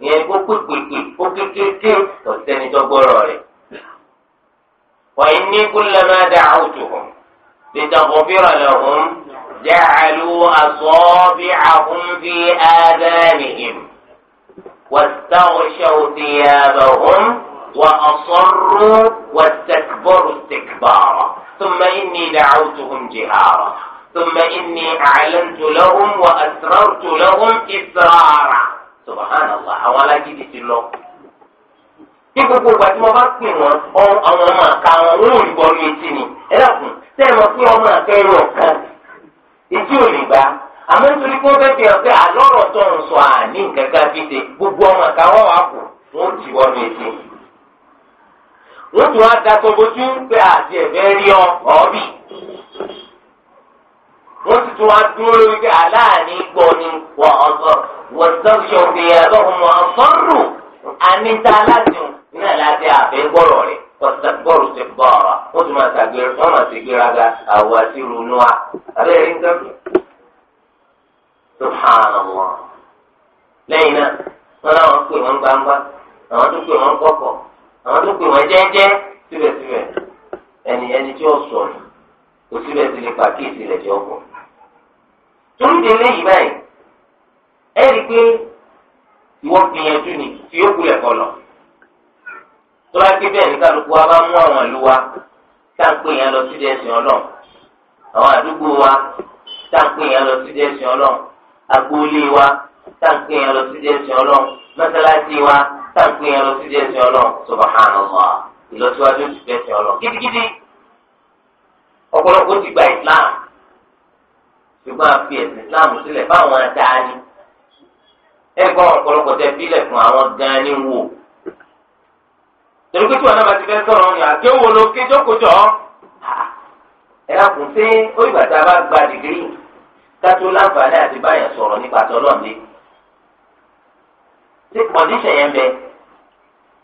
ìyẹn kó pèpèpè kó kékeré ọ̀sẹ́ni وإني كلما دعوتهم لتغفر لهم جعلوا أصابعهم في آذانهم واستغشوا ثيابهم وأصروا واستكبروا استكبارا ثم إني دعوتهم جهارا ثم إني أعلنت لهم وأسررت لهم إسرارا سبحان الله أولا gbogbo ọmọ ni ẹ dàkún tẹ́ ẹ mọ̀ ọmọ àka ẹ̀rọ ọ̀kan etí ò ní gbà àmọ́ nítorí pé wọ́n fẹ́ fi hàn pé àlọ́rọ̀ tó ń sọ àní wọ́n tún wá da tọ́bojú pé àti ẹ̀fẹ́ rí ọ ọ̀bì. wọ́n ti tún dúró lórí pé gbọ́ ni wọ́n ọ̀sọ̀ wọ́n sọ́ọ̀ṣọ́ fi ẹlọ́run wọn sọ́ọ̀rù àníta aládùn náà láti àfẹ́ gbọ́rọ̀ rẹ̀ ọ̀sẹ̀gbọ́rù ti bọ̀ ọ̀rọ̀ wọ́n tún máa ṣàgbéra wọ́n máa ṣe gbéraga àwọ̀ àti ronú wa abẹ́rẹ́ ń gbẹ́rù. subhanallah lẹ́yìn náà wọ́n láwọn pè wọ́n gbangba àwọn tó pè wọ́n àwọn tó pè wọ́n jẹ́jẹ́ síbẹ̀síbẹ̀ ẹni ẹni tí ó sọ ni kò síbẹ̀ sí lè pa kéèsì rẹ̀ tí ó kọ̀. torí de lé yìí báyìí ẹ rí i pé ìwọ gbìyànjú ni tí ó kulẹ̀ kọ lọ. tó bá ké bẹ́ẹ̀ ní kálukú wa bá mú àwọn ìlú wa tá à ń pè yẹn lọ sí ẹ̀sìn ọlọ́run àwọn àdúgbò wa tá à ń pè yẹn lọ sí ẹ̀sìn ọlọ́run agboolé wa tá à ń pè yẹn lọ sí ẹ̀sìn ọlọ́run mọ́sálásí wa táǹpì yẹn lọ sí díẹ̀ sí ọlọ́run subhanallah ìlọsíwájú ti fẹ́ sí ọlọ́run gidigidi ọ̀pọ̀lọpọ̀ ti gba islam ṣùgbọ́n a fi ẹ̀sìn islam sílẹ̀ fáwọn adáni ẹ̀kọ́ ọ̀pọ̀lọpọ̀ tẹ bílẹ̀ fún àwọn gani wò torí pé tí wọn náà bá ti fẹ́ sọ̀rọ̀ ní àkéwò ló ké jókòjọ́ ẹ̀ á kún sí ó ìgbà tá a bá gba dìgírì kátó láǹfààní àti báyẹn sọ̀rọ̀ nípa tọ́lọ́ọ̀dé tí kọ̀díṣẹ̀ yẹn bẹ́ẹ̀.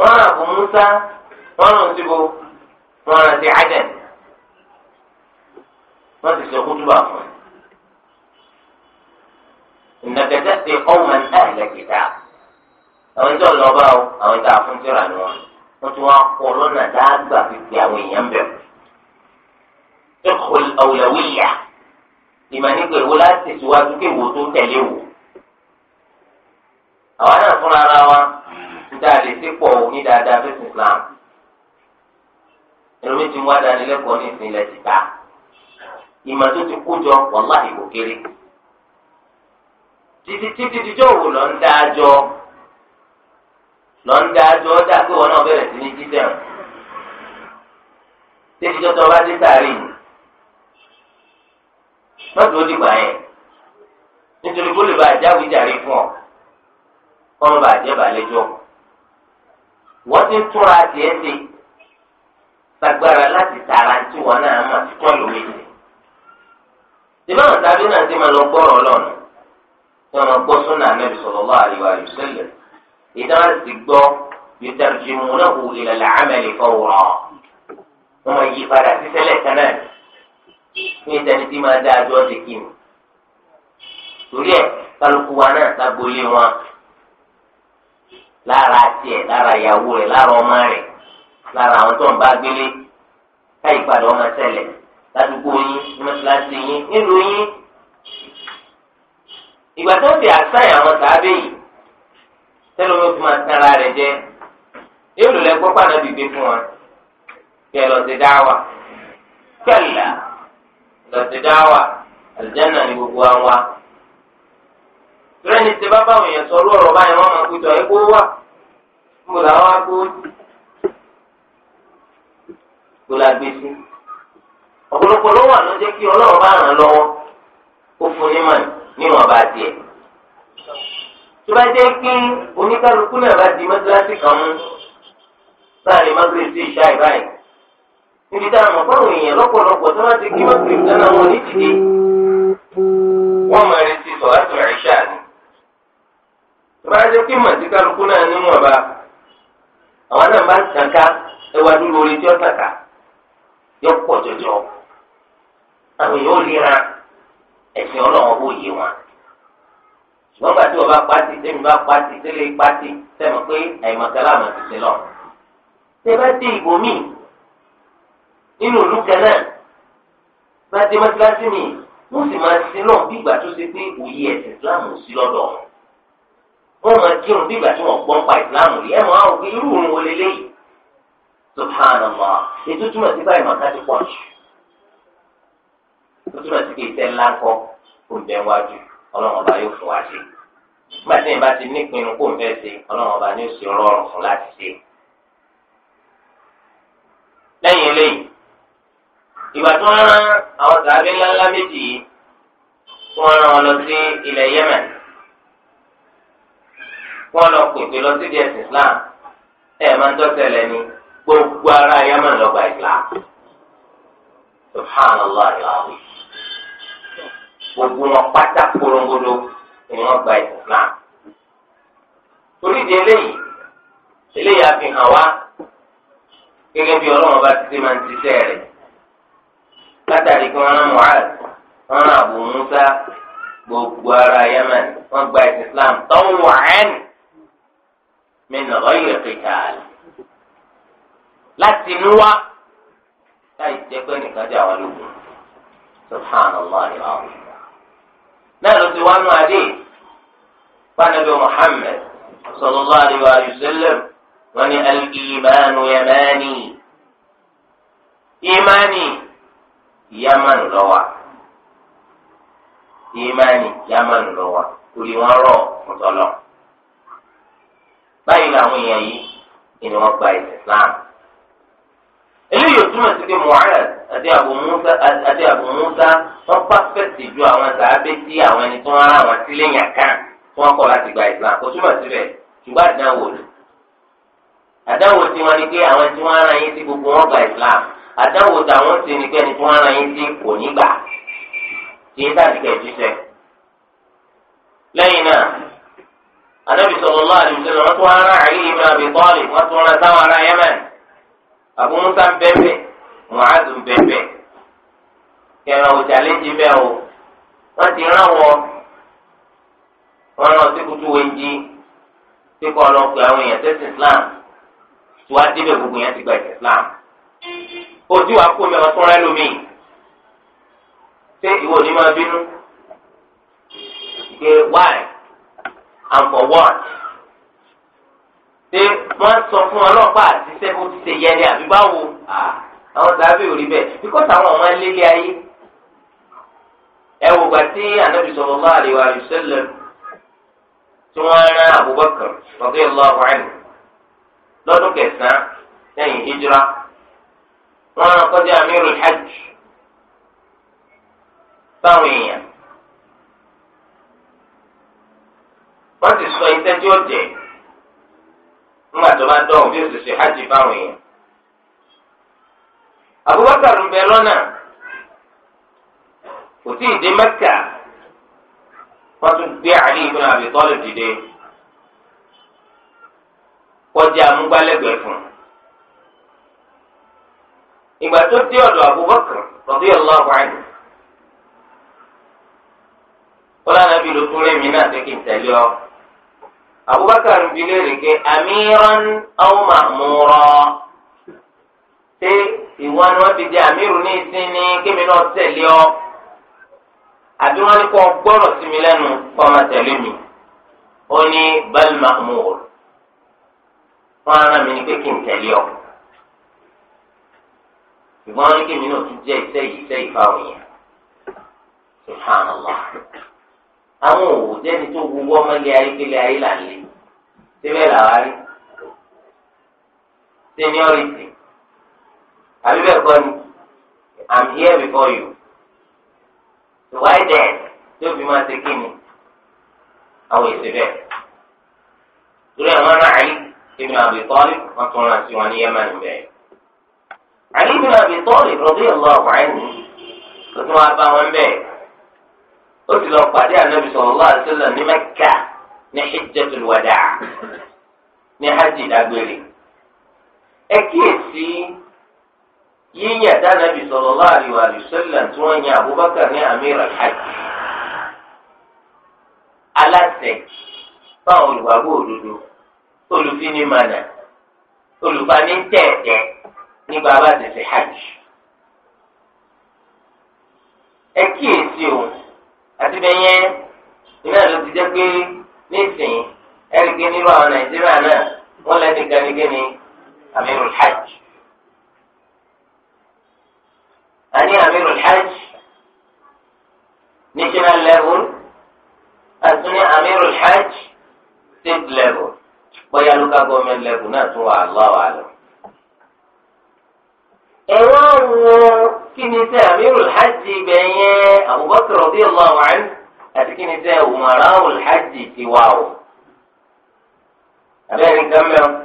wọ́n rà fún Musa wọ́n rà síbo wọ́n rà sí Aden wọ́n ti sọ kútúbà fún un. إنك تأتي قوما أهل كتاب àwọn ìjọ lọ bá o àwọn ìta àfúntìrà ni wọn wọn ti wọn kọ lọnà dáadáa fi ti àwọn èèyàn bẹ ẹ̀kọ́ ọwọlẹwìyà ìmọ̀nìkọ èwo láti tẹ̀síwájú kí èwo tó tẹ̀lé wò. àwa náà fúnra ara wa dáa lè dépò ní dáadáa fẹsẹ̀ Islam ẹlòmíì ti ń wá dáa nílẹ̀kọ̀ọ́ ní ìpínlẹ̀ tìta ìmọ̀ tó ti kó jọ wàláhì kò kéré títí títí tíjọ́ wò lọ ń dá jọ lọ ń dá jọ dá pé wọn náà bẹ̀rẹ̀ sí ní jíjẹ̀ wọn títí jọ́tọ̀ bá dé sáré lọ́dún ó dìgbà yẹn nítorí kó lè bá àjáwé jàre fún ọ kọ́ ló bá kù wọ́n ti túnra tiẹ̀ ṣe tagbara láti tara tí wọn náà máa ti tọ́ lórí rẹ̀. ìbáwọn tàbí náà ti máa lọ gbọ́rọ̀ ọlọ́run tí wọn gbọ́ súnà anábì sallallahu alaihi wa sallam ìdáhùn ti gbọ́ yutarjimunahu ila al-amali padà sí sẹ́lẹ̀ kan fún ìtẹni tí máa dá adúlọ́ kí mi. torí ẹ̀ kálukú wa náà lágbo ilé wọn. lára tiẹ̀ lára ìyàwó rẹ̀ lára ọmọ rẹ̀ lára àwọn tó ń bá gbélé káyì padà ọmọ ṣẹlẹ̀ ládùúgbò yín mọ́ṣáláṣí yín nílùú yín. ìgbà tó ń àṣàyàn àwọn yìí tẹ́lẹ̀ omi fi máa tẹ́ rẹ̀ jẹ́ wọn lọ sí dáwà lọ gbogbo wa lórí ẹni tí bàbá àwọn èèyàn sọ̀rọ̀ ọ̀rọ̀ báyìí wọ́n máa kújọ wà kó làwọn á kó la gbé sí. ọ̀pọ̀lọpọ̀ kí ọlọ́run bá ràn lọ́wọ́ fún ní mà níwọ̀n bá kí oníkálukú náà bá di mọ́tíláṣí kan mú a mọ̀ èèyàn bá jẹ́ kí màtí kálukú náà níwọ̀n bá àwọn náà bá tànká ẹwà dúró orí tí ó tàkà yọ pọ̀ jọjọ àwọn èèyàn ò ẹ̀sìn ọlọ́wọ́ bó yé wọn ṣùgbọ́n gbàtí ọba pàtì tẹ́mi bá pàtì tẹ́lẹ̀ pàtì tẹ́mi pé àìmọ̀kálá àmọ̀ ti ṣe lọ. tẹ́ bá dé nínú ìlú kan náà mi mo sì máa ṣe bí ìgbà tó ṣe pé òye ẹ̀sìn wọ́n máa kírun bí ìgbà tí wọ́n gbọ́n pa ìsìláàmù rí ẹ̀ máa rò pé irú òun wọlé léyìí subhanallah ètò túmọ̀ sí báyìí màkà ti pọ̀ jù ètò túmọ̀ sí kí iṣẹ́ ńlá kọ́ kó ń bẹ wájú ọlọ́run ọba yóò fún wa ṣe nígbà tí ìbá ti nípinnu kó ń fẹ́ ṣe ọlọ́run ọba ní oṣù rọrùn fún láti ṣe. lẹ́yìn eléyìí ìgbà tí wọ́n rán àwọn sàábé ńláńlá méjì yìí wọ́n lọ pèpè lọ sí díẹ̀ sí Islam ẹ̀ máa ń tọ́sẹ̀lẹ̀ ni gbogbo ara Yemen lọ́gbà Islam subhanallah ilahi gbogbo wọn pátá korongodo ni wọ́n gba Islam orídìí eléyìí eléyìí àfihàn wa gẹ́gẹ́ bí ọlọ́run bá ti ṣe máa ń ṣiṣẹ́ rẹ̀ látàrí kí wọ́n rán Mu'adh wọ́n rán Abu Musa gbogbo ara Yemen wọ́n gba Islam tọ́wọ́ ẹ̀ẹ́nì min ghayri qital láti inú wa láì jẹ́ pé nìkan jà wá lógun subhanallah alaahu náà ló ti wá nù adé fanabi muhammed sallallahu alayhi wa sallam wọn ni al-imanu yamani imani yamani lọ́wọ́ imani yamani lọ́wọ́ kùrì wọn rọ̀ mọ́tọ́lọ́. báyìí làwọn èèyàn yìí ni wọ́n gba ẹ̀sìn eléyìí ò túmọ̀ sí pé àti Abu Musa àwọn sàábé sí àwọn ẹni tó ń rán kan kọ̀ láti gba Islam kò túmọ̀ ṣùgbọ́n àdánwò tí pé àwọn tí wọ́n rán yín wọn gba Islam àdánwò tàwọn ti ní pé ẹni tí rán anabi sọlọlọ àdìsẹlẹ wọn tún wọn rán àlẹ ibn abi tọ́lì wọn tún rán sáwọn ará yemen abu musa ń muhazu ń bẹ́ẹ̀ kẹrin ọjà lẹ́jì bẹ́ẹ̀ o wọ́n ti rán wọ wọn rán sí kutu wẹ́njí sí kọ́ ọlọ́pẹ́ àwọn èèyàn islam tí wàá gbogbo yẹn ti gba islam ojú wa kó mi ọtún rẹ lómi ṣé ìwọ ni máa and for what? ṣé wọ́n sọ fún ọlọ́pàá àti sẹ́kù ti ṣe yẹni àbí báwo? àwọn sábẹ́ ò rí bẹ́ẹ̀ bíkọ́sì àwọn ọmọ ẹlẹ́lẹ́ ayé. ẹ wò gbà tí ànábì sallallahu alaihi wa sallam tí wọ́n rán Abubakar radiyallahu anhu lọ́dún kẹsàn-án lẹ́yìn hijra wọ́n rán kọjá amirul hajj báwọn èèyàn wọ́n sì sọ iṣẹ́ tí ó jẹ́ ńgbà tó bá dọ̀hùn bí hajj Abubakar ń bẹ lọ́nà kò tí ì dé Mẹ́kà wọ́n tún gbé Ali Talib dìde kọjá amúgbálẹ́gbẹ̀ẹ́ fún ìgbà tó dé ọ̀dọ̀ Abubakar radiyallahu anhu kọ́lá nàbí ló tún lé mi náà abubakar bi léèrè pé amíran aw màmúrọ ṣé ìwọ ni wọn ti di amíru ní ìsinmi kémi náà tẹ̀lé ọ àbí wọn ni kò gbọ́rọ̀ sí mi lẹ́nu kó máa tẹ̀lé mi ó ní bal màmúr wọn ara mi ni pé kí ọ ìwọ ni kémi náà tún jẹ́ iṣẹ́ yìí iṣẹ́ yẹn subhanallah àwọn òwò jẹ́ni tó gbogbo ọmọ ilé ayé kele ayé là ń lé síbẹ̀ làwa rí seniority àbí bẹ́ẹ̀ kọ́ ni i'm here before you so why then tó fi máa ṣe kí ni àwọn èsì bẹ́ẹ̀ torí àwọn ará àyè ibi náà bí tún ra sí wọn ní yẹ́mà níbẹ̀. àyè ibi náà bí tọ́lì rọ́bì ọ̀lọ́ àwọn àyè tún wá bá wọn bẹ́ẹ̀. ó ti lọ pàdé ànábì sallallahu alaihi wasallam ní mẹ́kà ní hijjatul wada' ní hajj dágbére. ẹ eh, kíyèsí yíyàn dánábì sallallahu alaihi wasallam tí wọ́n yan abubakar ní amir al aláṣẹ fáwọn olùwàgbọ́ òdodo olùfinimànà olùbanítẹ̀ẹ̀tẹ̀ n'i bá tẹ̀sẹ̀ hajj. ẹ kíyèsí òun. àti bẹ́ẹ̀ yẹn iná ló ti jẹ́ pé nísìnyí ẹ̀ríkì nínú àwọn nàìjíríà náà wọ́n lẹ́ni ganigani amirul hajj. àní amirul hajj national level àti ní amirul hajj state level bóyá local government level náà tún wà lọ́wọ́ àlọ́. ẹ̀wọ́n wọ́n. kí ni sẹ́ amírul abubakar radiyallahu anhu àti kí ni sẹ́ hajj tiwa o. abẹ́rẹ́ nǹkan mẹ́wọ́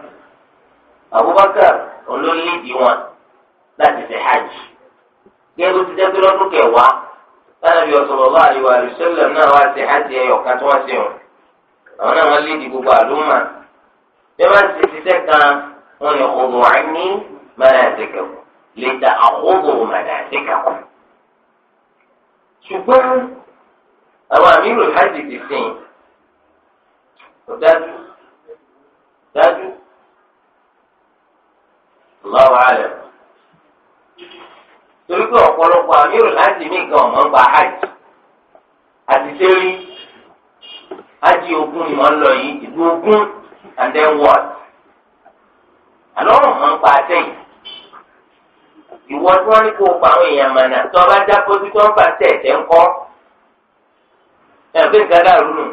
abubakar olólìdí wọn láti ṣe hajj gẹ́gẹ́ ti jẹ́ kẹwàá náà wá hajj tí wọ́n wọn àwọn náà wọ́n lédi gbogbo bí wọ́n ti ṣiṣẹ́ kan ni lẹ́tà àkóbò mànàdíkàkùn. ṣùgbọ́n àwọn àmírù hajj ti sìn kò dájú dájú lọ́wọ́ àlẹ́ torí pé ọ̀pọ̀lọpọ̀ àmírù hajj mi gan ọ̀mọ́ ń gba hajj àti sẹ́rí hajj ogun ni wọ́n lọ yìí ìlú ogun and then what? àlọ́ ọ̀mọ́ ń pa àtẹ̀yìn. ìwọ tí wọ́n ní kó pa àwọn èèyàn mànà tó ọba já kójú tó ń fà tẹ̀ ẹ̀tẹ̀ ń kọ́ ẹ̀fẹ́ nǹkan dàrú nù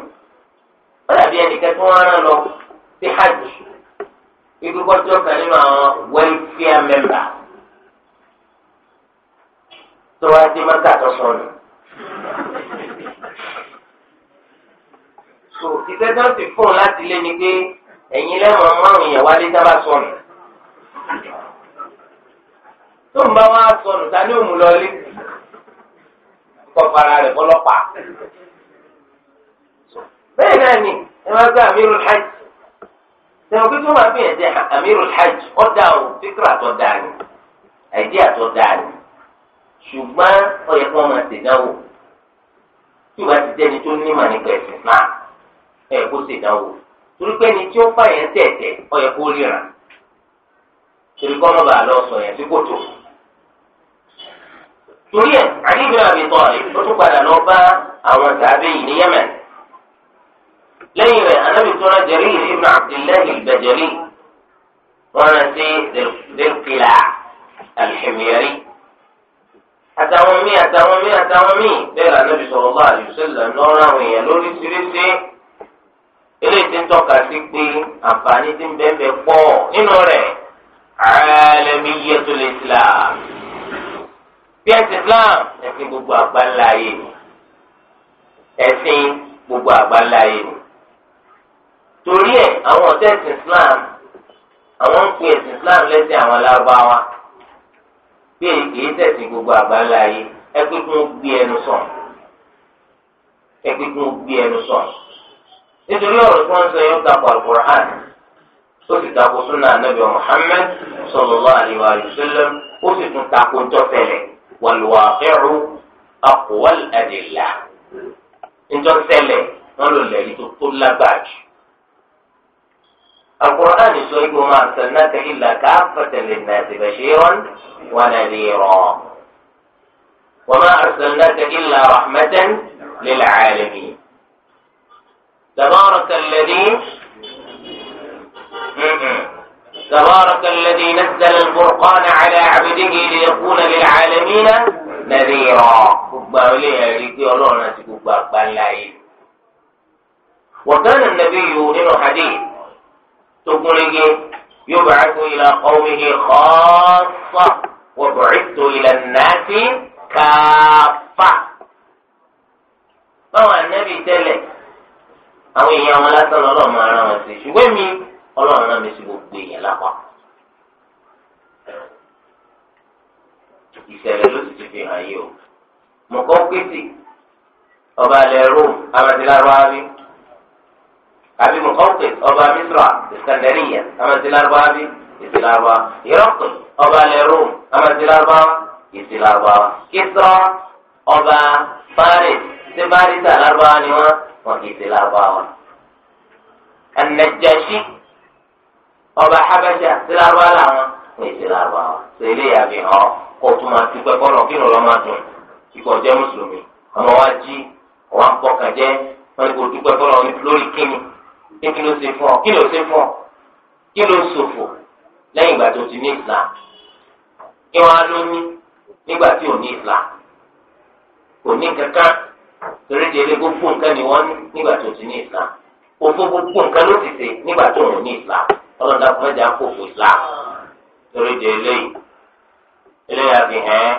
wọ́n dàbí ẹnìkan tí wọ́n rán lọ sí hajj ìdúkọ́jọ́ kan nínú àwọn welfare member tó wá dé mọ́tà tó sọnù. so ìṣẹ́jọ́ sì fún un láti lé ni pé ẹ̀yin lẹ́mọ̀ọ́ márùn-ún yẹn wálé sábà sọnù. tó ń bá wọn sọnù ta ni òun lọlé kọ́ para rẹ̀ bọ́lọ́pàá. bẹ́ẹ̀ náà ni ẹ máa gbé amirul hajj sẹ́wọ̀n pé tó máa fi hajj fíkìrà tó dáa o bá ti tó ní náà kó torí pé tí ó fà yẹn tẹ̀tẹ̀ kó torí kọ́ lọ sọ yẹn tí kò torí ẹ̀ Ali bin Abi Talib ó tún padà lọ bá àwọn tàbí yìí ní Yemen lẹ́yìn rẹ̀ anábì tó rán Jarir ibn Abdullahi al-Bajali wọ́n rán sí Dhul-Qila al-Himyari àtàwọn míì àtàwọn míì àtàwọn míì bẹ́ẹ̀ ni anábì sallallahu alaihi wasallam lọ́rọ̀ àwọn èèyàn lóríṣiríṣi eléyìí ti ń tọ́ka sí pé àǹfààní ti ń bẹ́ẹ̀ bẹ́ẹ̀ pọ̀ nínú rẹ̀ alamiyatul Islam bí Islam ẹ̀sìn gbogbo àgbáńlá ayé ni ẹ̀sìn gbogbo àgbáńlá ayé ni torí ẹ̀ àwọn ọ̀tẹ̀ ẹ̀sìn Islam àwọn ń pè ẹ̀sìn Islam lẹ́sìn àwọn alárúbáwá bí èyí tẹ̀sìn gbogbo àgbáńlá ayé ẹgbẹ́ kí wọ́n gbé ẹnu sọ̀n ẹgbẹ́ kí wọ́n gbé ẹnu sọ̀n nítorí ọ̀rọ̀ tí wọ́n ń sọ yóò dàpọ̀ alukur'an ó sì dàpọ̀ sunna anabi Muhammad sallallahu alaihi wa sallam ó sì tún takò ń tọ́ tẹ̀lẹ̀. والواقع أقوى الأدلة إن سلم قالوا الذي تقول لباج القرآن يقول ما أرسلناك إلا كافة للناس بشيرا ونذيرا وما أرسلناك إلا رحمة للعالمين تبارك الذي تبارك الذي نزل الفرقان على عبده ليكون للعالمين نذيرا كبار ليه يجي الله ناس وكان النبي من حديث تقول يبعث إلى قومه خاصة وبعثت إلى الناس كافة فهو النبي تلك أو إياه ولا ما الله عليه مين ọlọ́run náà mi sì gbogbo èèyàn lápapọ̀. ìṣẹ̀lẹ̀ ló sì ti fi hàn yìí o mọ̀kọ́ pété ọba ilẹ̀ rome amadilaruwabi àbí mọ̀kọ́ pété ọba misra iskandariya amadilaruwabi ìsìláruwa ìrọ́pẹ̀ ọba ilẹ̀ rome amadilaruwa ìsìláruwa kíkọ́ ọba paris ṣé paris àlárúbáwá ni wọ́n wọ́n kì í ṣe lárúbáwá. النجاشي ọba habẹ́sẹ̀ síláàbà làwọn ní síláàbà wọn ṣe ilé yàgbé hàn kó tó máa dúpẹ́ kọ́nà kí ló máa dùn jẹ́ mùsùlùmí ọmọ wa jí wọn ń bọ̀kàn jẹ́ wọn kò dúpẹ́ lórí kíni kí ló ṣe fún ọ kí ló ṣe fún ọ kí ló ṣòfò ìgbà tó ti ní kí á ọlọ́dà fún ẹ̀jẹ̀ àkókò islam torí de eléyìí eléyìí àfi hẹ́n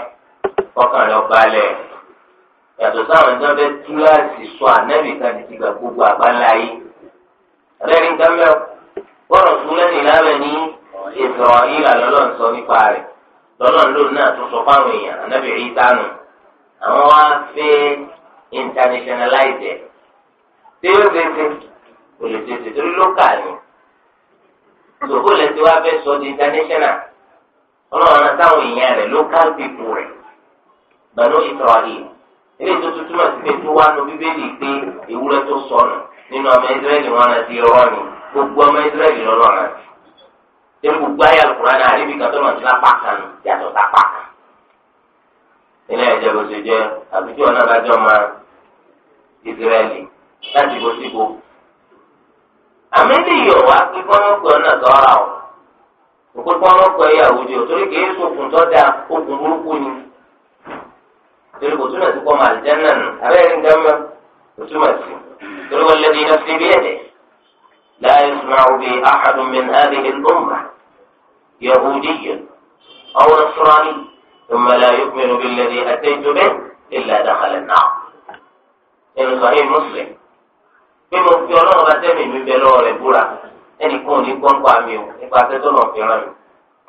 ọkàn lọ balẹ̀ yàtọ̀ sáwọn ẹ̀jẹ̀ bẹ́ẹ̀ túláàsì sọ ànẹ́bì kan ti ti gbà gbogbo àgbáńlá yìí ọlẹ́ni gámẹ́ bọ́ọ̀rọ̀ súnlẹ́ni lábẹ́ ní ìsọ̀rọ̀ yìí lọ́lọ́ sọ nípa rẹ̀ lọ́lọ́ lóun náà tún sọ fáwọn èèyàn ànẹ́bì rí dánù àwọn wá fẹ́ internationalize ẹ̀ tí yóò ṣe ṣe kò lè ṣe ṣe torí lókà ni. sòkò lè ti wá fẹ́ sọ di international ọlọ́run àtàwọn èèyàn rẹ̀ local people rẹ̀ Banu Israel ilé tó tuntun náà ti fi tó wá nu bíbélì pé ewúrẹ́ tó sọnù nínú ọmọ israeli wọn àti irọ́ ni gbogbo ọmọ israeli lọ́lọ́run àti tẹ́lẹ̀ gbogbo ayé náà àríbi kan tó náà ti yàtọ̀ ilé ẹ̀jẹ̀ bó ṣe jẹ́ láti àmẹ́lẹ́ yọ̀ wá pé kọ́mọ́kọ́ náà tọ́ra o òkú kọ́mọ́kọ́ yẹ àwùjọ torí kìí sokùn tó da okùn burúkú ni torí kò túmọ̀ sí kọ́ máa jẹ́ náà nù abẹ́rẹ́ nǹkan mọ́ kò túmọ̀ sí torí wọn lẹ́bi iná sí bí ẹ̀dẹ̀ láyé sùnmọ́ bí ahadùn mi náà lè tó mà yahudi yẹ ọwọ́ sọ́ọ́ni ìmọ̀lá yóò pinnu bí lẹ́bi àtẹ́jọ́ bẹ́ẹ̀ ìlànà àlẹ́ náà ẹnì pé mo fi ọlọ́run bá tẹ́lẹ̀ mi bẹ lọ́wọ́ rẹ̀ búra ẹnì kan ò ní o nípa tẹ́tọ́ náà fi ràn mí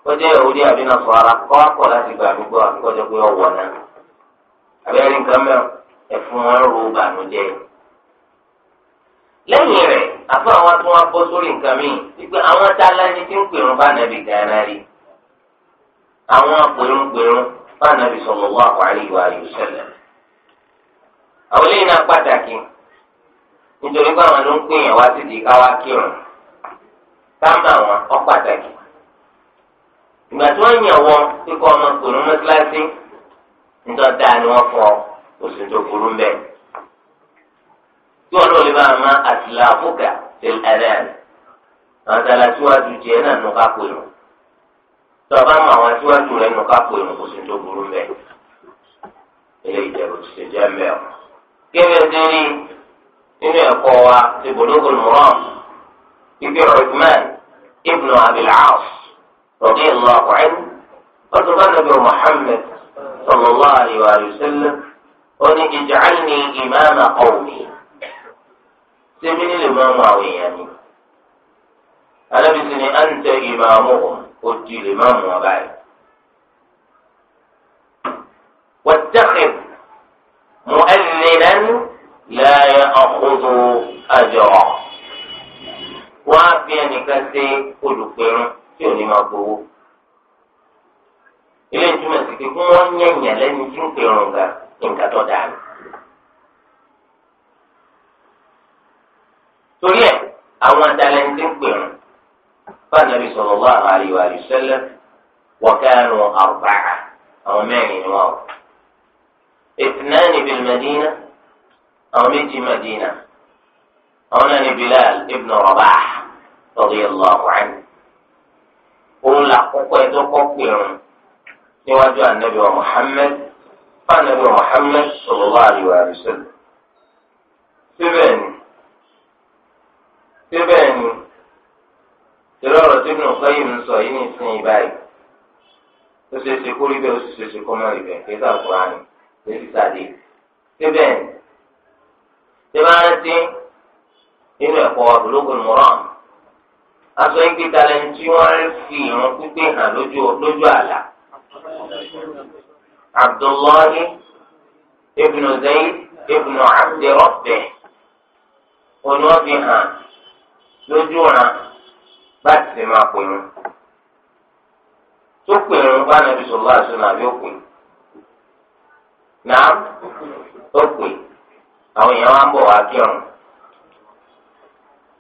kọjá ìwúrí àbínà sọ ara kọ́ akọ̀ láti gbà mí gbọ́ àbíkọ́jọ pé ọ̀wọ̀ náà abẹ́rẹ́ nǹkan mẹ́rin ẹ̀fún ìbànújẹ́ lẹ́yìn rẹ̀ afọ àwọn tó wọn bọ́ sórí nǹkan wípé àwọn tá a lẹ́ni tí ń pèrún bá nàbì rí àwọn pèrúnpèrún bá nàbì nítorí pé ló ń pè yàn wá sí káwá kírun táwọn àwọn ọ̀pàtàkì ìgbà tí yàn ọmọ tòun mọ́síláṣí nítorí dáa ni wọ́n fọ oṣù tó burú mbẹ́ tí wọ́n lọ́ọ́ lè bá a máa àtìlá àfọ́gà tẹ̀lé ẹ̀rẹ́ àwọn síwájú nínú ẹ̀kọ́ wa ti Bulughul Maram ibi Uthman ibn Abil As radiyallahu anhu ọdún bá nàbẹ̀ Muhammad sallallahu alayhi wa sallam ó ní ij'alni imama qawmi sẹ́mi nílẹ̀ máa mọ àwọn èèyàn mi alábìsí ni à ń tẹ imamuhum ojú ilẹ̀ ya'khudhu ajra wọ́n á fi ẹnìkan ṣe olùpẹ̀rún tí ò ní máa gbowó ilé ìtumọ̀ sí pé kí wọ́n yẹ̀yàn lẹ́ni tí ń pèrún ga nǹkan tó dáa ni. torí ẹ̀ àwọn adalẹ́ni tí ń pèrún fanabi sallallahu alaihi wa sallam wa kanu àwọn mẹ́rin ni wọ́n. ithnani bil Madina àwọn méjì Madina àwọn náà ní Bilal ibn Rabah radiyallahu anhu òun là kọ́kọ́ ẹ tó kọ́ pèrún níwájú ànábì wa Muhammad fún ànábì wa Muhammad sallallahu alaihi wa sallam síbẹ̀ ni síbẹ̀ ni ìrọ̀ ọ̀rọ̀ tí Ibn Qayyim ń sọ yìí ní ìsinyìí báyìí ó ṣe é ṣe kó rí bẹ́ẹ̀ ó sì ṣe é ṣe kó má rí bẹ́ẹ̀ kí sáà kúránì lè fi sáà dé síbẹ̀ ni síbẹ̀ rántí. nínú ẹ̀kọ́ Bulugul Maram aṣọ ìgbé talẹ̀ tí wọ́n fi ìrún pípé hàn lójú àlà Abdullahi ibnu Zayd ibnu Abdi oní wọ́n fi hàn lójú ràn máa tó pè bá nàbí sọlá na àbí náà ó pè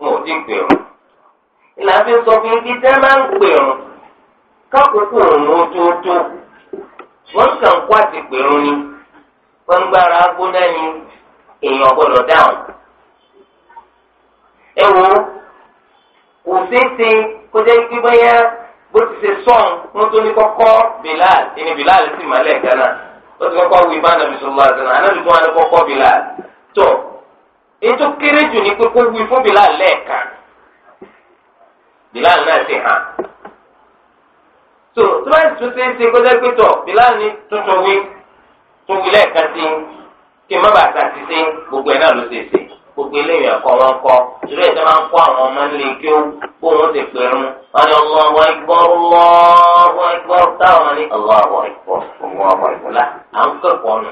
wọn ò tí ì pèrò ìlànà fi sọ fún igi tẹ́ máa ń pèrò kákòókò òun kàn kó àti pèrò ni gbára gbóná ni èèyàn dáhùn. ẹ wo kò kó bó ti ṣe sọ̀n tó ní kọ́kọ́ Bilal ìní Bilal sì máa lẹ̀ gánà ti kọ́kọ́ wí bá ní kọ́kọ́ Bilal tó. ètò kéré jù ní pé kó wí fún Bilal lẹ́ẹ̀kan Bilal náà ti hàn so tó bá tún ṣe é ṣe kó tọ̀ Bilal ní tuntun wí tó wí lẹ́ẹ̀kan sí kí má bàa sí gbogbo ẹ̀ náà ló gbogbo eléyìí ẹ̀kọ́ wọn kọ́ irú ẹ̀ tó máa kọ́ àwọn ọmọ nílé kí ó kó wọn ti pẹ̀rù wọn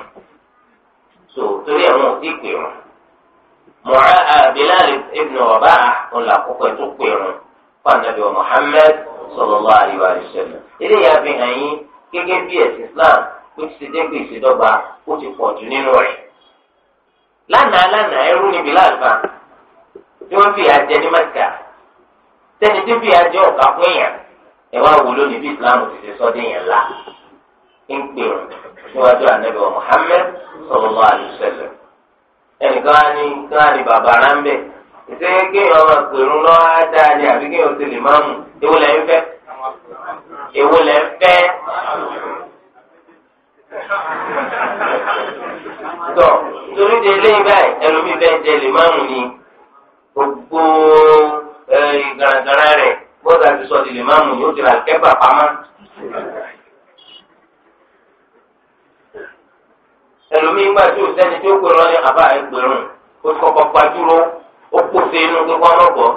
ni Bilal ibn Rabah ńlá kókó tó pèrún fún anabi wa Muhammad sallallahu alayhi wa sallam. ilé yà fi Islam ó ti ti pọ̀ jù nínú rẹ̀. ni Bilal fa tí wọ́n fi àjẹ ní Mẹ́kà sẹ́ni tí fi àjẹ ọ̀ka fún èèyàn ẹ̀ wá wò Islam ẹnìkan á ní kí á ní bàbá rà ń bẹ̀ ṣé kéèyàn máa pèrún lọ́wọ́ á dáa ni àbí kéèyàn ti lè máa mú ewu lẹ́ ń fẹ́ ewu lẹ́ ń fẹ́ tọ torí de lé báyìí ẹlòmíì bẹ́ẹ̀ jẹ lè máa mú ni gbogbo ìgaragara rẹ̀ bọ́dà ti sọ di lè máa mú ni ó ti rà kẹ́bà pamọ́. nígbà tí òsẹ́ni tí ó pè lọ́ní àbá ẹgbẹ̀rún ó kọ́kọ́ gbajúrò ó pòṣe inú kíkọ́ lọ́gbọ́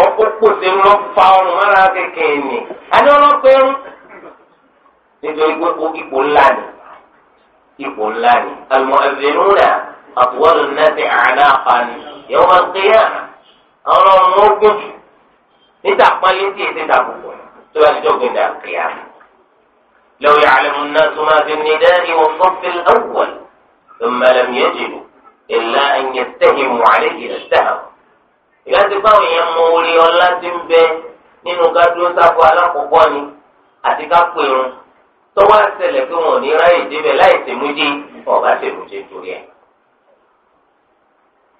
ó pòṣe inú lọ́fà ọrùn mọ́ra kékeré ni àní ọlọ́pẹ̀rún nítorí pé ipò ńlá ni ipò ńlá ni al-mu'adhdhinuna atwalu an-nasi a'naqan yawm al-qiyamah àwọn ọmọ ogun níta pálí tí èsì dàbò pọ̀ tó bá ti dọ́gbìn dàbò kìyàmù. لو يعلم الناس ما في النداء والصف الأول ثم لم يجدوا إلا أن يتهموا عليه لاتهموا ìgbà tí báwọn èèyàn mọ orí ọlá ti ń bẹ nínú ká dúró sáfù alákọ̀ọ́kọ́ ni àti ká pè wọn tó wá ṣẹlẹ̀ pé wọn ò ní ráyè débẹ̀ láì tèmújé ọba tèmújé torí ẹ̀.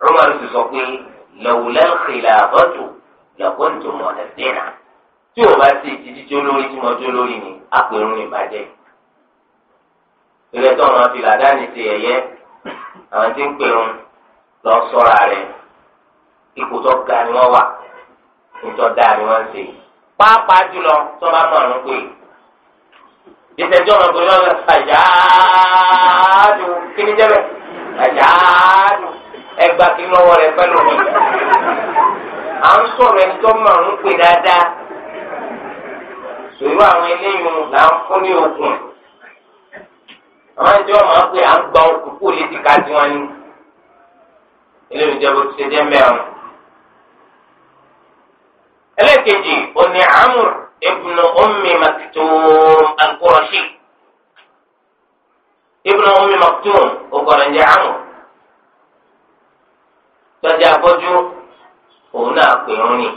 Umar ti sọ pé lawla al-khilafatu lakuntum mu'tazina tí o bá ti ìdí jó lórí tí mo jó lórí ni àpèrún ní ìbàjẹ́ ìrẹsì ọ̀ràn ti làdáni ti ẹ̀yẹ àwọn tí ń pèrún lọ sọ́ra rẹ̀ ipò tó ga ni wọ́n wà nítọ́ dáa ni wọ́n ń ṣe pàápàá jùlọ tó bá mọ̀ ọ́n pé ìṣẹ́jú ọ̀ràn pé lọ́wọ́ àjáàdù kí ni jẹ́ bẹ́ẹ̀ àjáàdù ẹgbàá kí lọ́wọ́ rẹ̀ pẹ́ lómi à ń sọ̀rọ̀ ẹni tó mọ̀ ọ́n pé dáadáa sòrò àwọn eléyìí là ń fún ní okùn àwọn àti wọn máa ń pè à ń gba okùn kó lè ti ka tiwọn ni eléyìí jẹ́ bó ti ṣe jẹ́ mẹ́rin. ẹlẹ́kejì òní amúr ibùnú omi màkìtùm àkùrọ̀ṣì ibùnú omi màkìtùm òkòrò ń jẹ́ amúr tọ́jà afọ́jú òun náà pè ń rìn.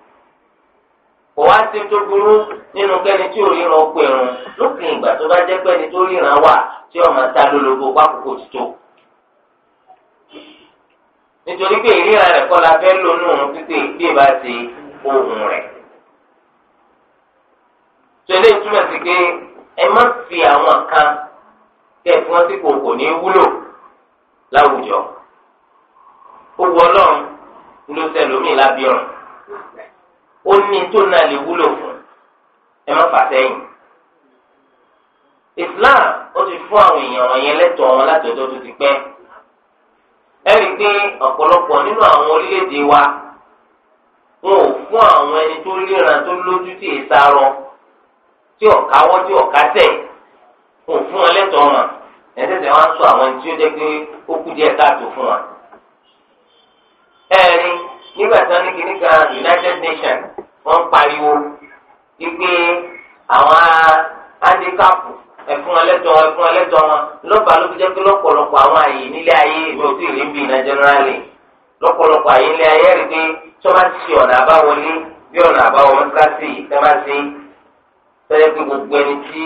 kò wá sí tó burú nínú kẹ́ni tí ò ríran pé irun lópin ìgbà tó bá jẹ́ pẹ́ni tó ríran wà tí ọmọ ta lólobó pákókò ti tó. nítorí pé ìríran rẹ̀ kọ́ la fẹ́ lónú òun títí bí ìbá ti ohun rẹ̀. tẹ́lẹ̀ túmọ̀ sí pé ẹ má fi àwọn kan tẹ̀ fún ọtí kò kò ní wúlò láwùjọ. ó wọ ọlọ́run ló sẹ́lómìn lábí ọ̀run. ó ní tó náà lè wúlò fún ẹ má Islam ó ti fún àwọn èèyàn wọ̀nyẹn lẹ́tọ̀ọ́ wọn láti ti pẹ́. ẹ rí i pé ọ̀pọ̀lọpọ̀ nínú àwọn orílẹ̀-èdè wa wọn ò fún àwọn ẹni tó ríran tó lójú tí èsà rọ tí ọ̀káwọ́ tí ọ̀kátẹ̀ wọn ò fún wọn lẹ́tọ̀ọ́ wọn ẹ̀ wọn á sọ àwọn ẹni tí ó jẹ́ pé ó kú díẹ̀ káàtó nígbà tí wọ́n ní kíní United Nations wọ́n ń pariwo wípé àwọn handicapù ẹ̀fún ọlẹ́tọ̀ ẹ̀fún ọlẹ́tọ̀ wọn lọ́ba ló fi jẹ́ pé lọ́pọ̀lọpọ̀ àwọn àyè nílé ayé mi ò tí ì rí bí iná generally àyè nílé ayé rí pé tí bá ti ṣe ọ̀nà àbáwọlé bí ọ̀nà pé gbogbo ẹni tí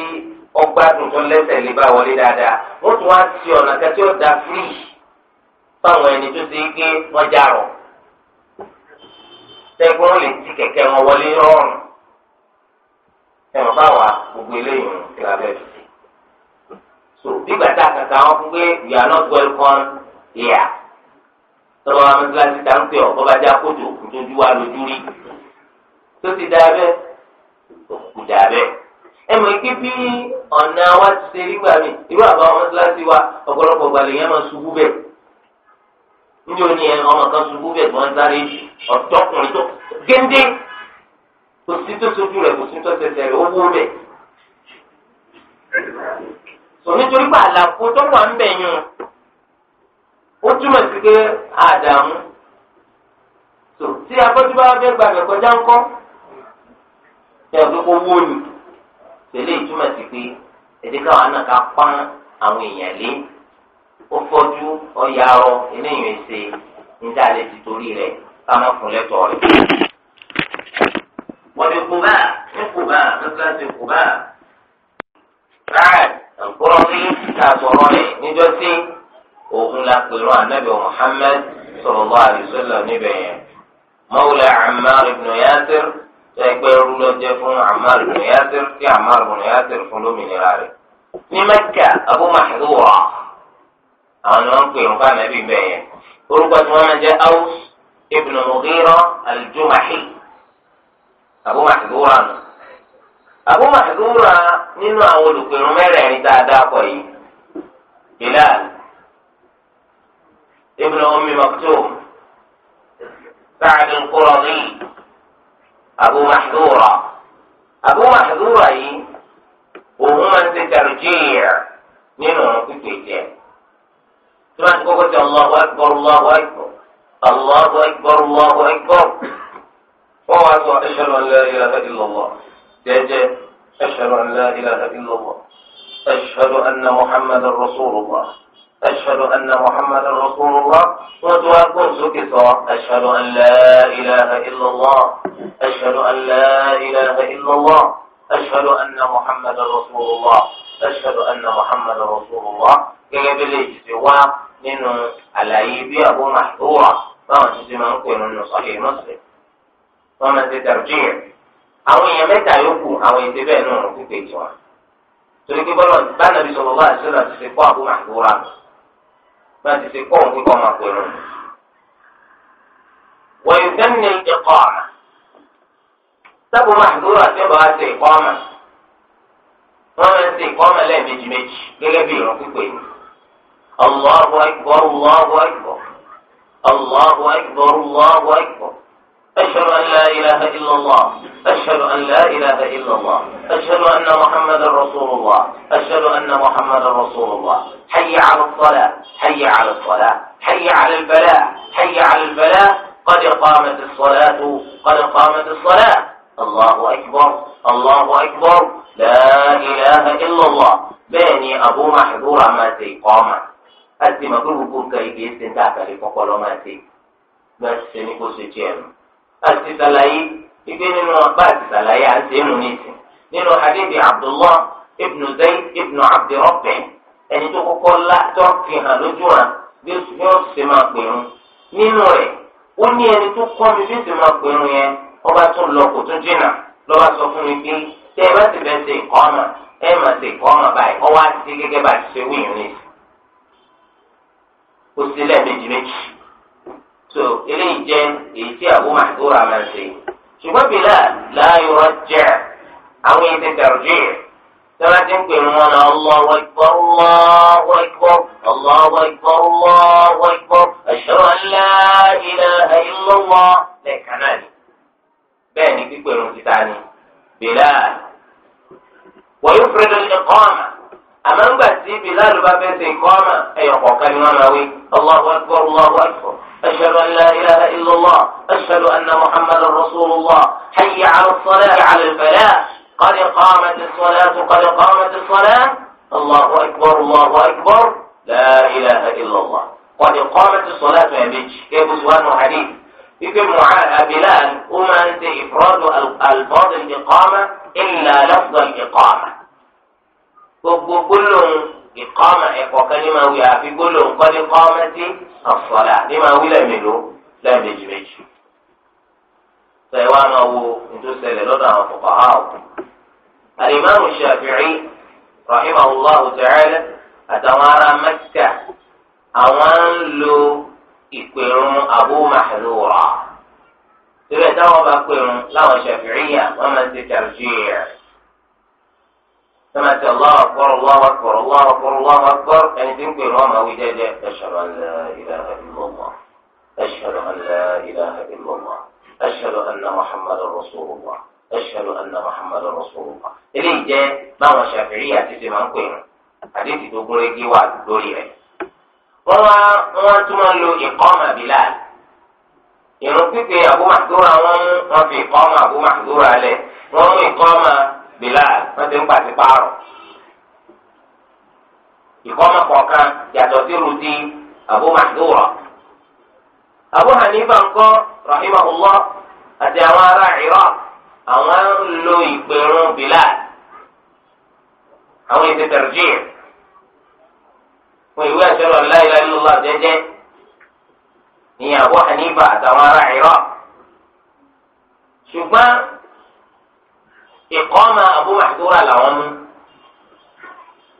lẹ́sẹ̀ lè bá wọlé dáadáa wọ́n tún wá ti ọ̀nà kẹ́tí ọ̀dà tẹ́gbọ́n wọn lè ti kẹ̀kẹ́ wọn wọlé rọrùn ẹ̀wọ̀n báwa gbogbo eléyìí ń tẹ́lá bẹ́ẹ̀ fi so nígbà tá a kàkà wọn fún pé we are not welcome here tọ́lá wa mi kíláàsì tá ń bọ́bá já kójú òkú wa lójú rí tó ti dá bẹ́ẹ̀ òkú dá bẹ́ẹ̀ ẹ mọ̀ ike bí ọ̀nà wa ti ṣe rí gbà mí irú àbáwọn kíláàsì wa ọ̀pọ̀lọpọ̀ gbàlè yẹn máa ṣubú bẹ́ẹ̀. Ndị o ní ọmọ kan ṣubú bẹ́ẹ̀ gbọ́n sáré ọ̀dọ́kùnrin tó géńdé kò sí tó sojú rẹ̀ kò sí tó tẹsẹ̀ ó wó àlàfo tó wà ń bẹ̀ o ó túmọ̀ sí pé àdàmú tó tí abọ́júbá fẹ́ kọjá ńkọ́ ṣe kó wó ó fọ́jú ọ̀yàrọ̀ eléyìí ṣe níta lè ti torí rẹ̀ ká fún lẹ́tọ̀ rẹ̀. wọ́n ti kú báà ní kú báà nígbà tí kú báà. báyìí ọ̀pọ̀lọ́ ní ta rẹ̀ níjọ́ sí òun la pèrò níbẹ̀ yẹn. mawla Ammar ibn Yasir ẹgbẹ́ ẹrú jẹ́ fún ibn Yasir kí Ammar ibn Yasir fún lómìnira rẹ̀. ní Mẹ́kà Abu àwọn ni wọ́n ń pè irun fún anabi bẹ́ẹ̀ yẹn orúkọ tí wọ́n máa jẹ́ aus ibn abu nù abu nínú àwọn olùpẹ̀rún yìí bilal ibn ummi maktum sa'd al abu abu yìí òun máa ń ṣe tàrjíì nínú tí wọ́n ti kọ́kọ́ ti Allahu akbar Allahu akbar Allahu akbar Allahu akbar wọ́n wá sọ ashhadu an la ilaha illallah jẹ́jẹ́ ashhadu an la ilaha illallah ashhadu anna muhammadan rasulullah. أشهد أن محمدا رسول الله وأكون سكتا أشهد أن لا إله إلا الله أشهد أن لا إله إلا الله أشهد أن محمدا رسول الله أشهد أن محمدا رسول الله كيف ليجزي nínú àlàyé bí Abu Mahdura báwọn ti ti máa ń pè nínú Sahih Muslim wọn máa ti tarjih àwọn èèyàn mẹ́ta yòókù àwọn èdè bẹ́ẹ̀ náà ń pípé tiwọn torí pé bọ́lá báńdà bí sọ̀rọ̀ wá àṣírí àti ṣe kọ́ Abu Mahdura bá ti ṣe kọ́ òun kíkọ́ máa pè nínú. wọ́n yóò dẹ́nu ní ìkọ́ ọ̀nà sábò máa الله أكبر الله أكبر الله أكبر الله أكبر أشهد أن لا إله إلا الله أشهد أن لا إله إلا الله أشهد أن محمدا رسول الله أشهد أن محمدا رسول الله حي على الصلاة حي على الصلاة حي على البلاء حي على البلاء قد قامت الصلاة قد قامت الصلاة الله أكبر الله أكبر لا إله إلا الله بني أبو محذور ما تيقامت láti mọ̀ pé gbogbo nǹkan igi ẹsẹ̀ ń dàgbà lé kọ́kọ́ lọ́ máa ṣe bá a ṣe ní kó ṣe jẹ́ ẹ̀rù. láti ṣàlàyé ìgbé nínú bá a ti ṣàlàyé à ń ṣe é nù nísìn nínú hadithi abdullah ibn zayd ibn abdirọ́bẹ̀ ẹni tó kọ́kọ́ lá tó fi hàn lójú hàn bí ó ṣe máa pèrún. nínú rẹ̀ ó ní ẹni tó kọ́ mi bí ó ṣe máa pèrún yẹn ọba tún lọ kò tún jìnnà lọ́ba sọ fún mi pé tẹ́ ẹ bá ti bẹ́ẹ̀ ṣe ìkọ́ ọ̀nà ẹ máa ṣe ìkọ́ ọ̀nà báyìí ọwọ́ á ti gẹ́gẹ́ bá ti ṣe wíyìn nísìn kó sí lẹ́ẹ̀mejì méjì so eléyìí jẹ́ èyí tí Abu Mahdura máa ń ṣe ṣùgbọ́n bílá láàyò rọ́jẹ́ àwọn èdè dàrúdì tọ́lá ti ń pè wọn lọ Allahu Akbar Allahu Akbar Allahu Akbar Allahu Akbar lẹ́ẹ̀kan náà ni bẹ́ẹ̀ ni pípẹ̀rún ti ta ni àmọ́ ńgbà tí bilal bá fẹ́ ṣe ikọ́ ọmọ ẹ̀yọ̀ kọ̀ọ̀kan ni wọ́n máa wí allahu akbar allahu akbar ashhadu an la ilaha illallah ashhadu anna muhammadan rasulullah hayya ala salati ala falah qad qamat as-salatu qad qamat as-salah allahu akbar allahu akbar la ilaha illallah qad qamat as-salatu ẹ̀ méjì kébù suwanu hadith ife muca bilal ó máa ń ṣe ifradu alfọ́dù ìkọ́mà ilà lafdọ̀ ìkọ́mà. gbogbo gbólóhùn ìkọ́mà ẹ̀kọ́ kan ní máa wí àfi gbólóhùn kọ́ ní kọ́mà sí ọ̀fọ̀là ní máa wí lẹ́mìlú lẹ́ẹ̀mejì méjì. sọ ẹ máa wo lọ́dọ̀ àwọn ha ò. lo abu mahdura. síbẹ̀ táwọn bá láwọn wọ́n sọ́mà tí Allahu akbar Allahu akbar Allahu akbar Allahu akbar ẹni tí ń pè ní ọmọ wíjẹ́ jẹ́ ashhadu an la ilaha illallah ashhadu an la ilaha illallah ashhadu anna muhammadar rasulullah ashhadu anna muhammadar rasulullah. eléyìí jẹ́ báwọn ṣàfihì àti ṣe máa ń pè wọn àdéhùn tó gún régé wà lórí rẹ̀. wọ́n wá wọ́n tún máa ń lo iqama Bilal ìrùn pípé Abu wọn mú wọn fi iqama Bilal wọ́n ti ń pàṣẹ pààrọ̀ ìkọ́mọ kọ̀ọ̀kan yàtọ̀ sí rudi Abu Mahdura Abu Hanifa ńkọ́ rahimahullah àti àwọn ará Iraq àwọn ń lo ìpèrún Bilal àwọn ètò tẹ̀rẹ̀jìn fún ìwé àṣẹrò aláìlá ìlúlá jẹ́jẹ́ ní Abu Hanifa àtàwọn ará Iraq ṣùgbọ́n ìkọ́mà Abu Mahdura làwọn mú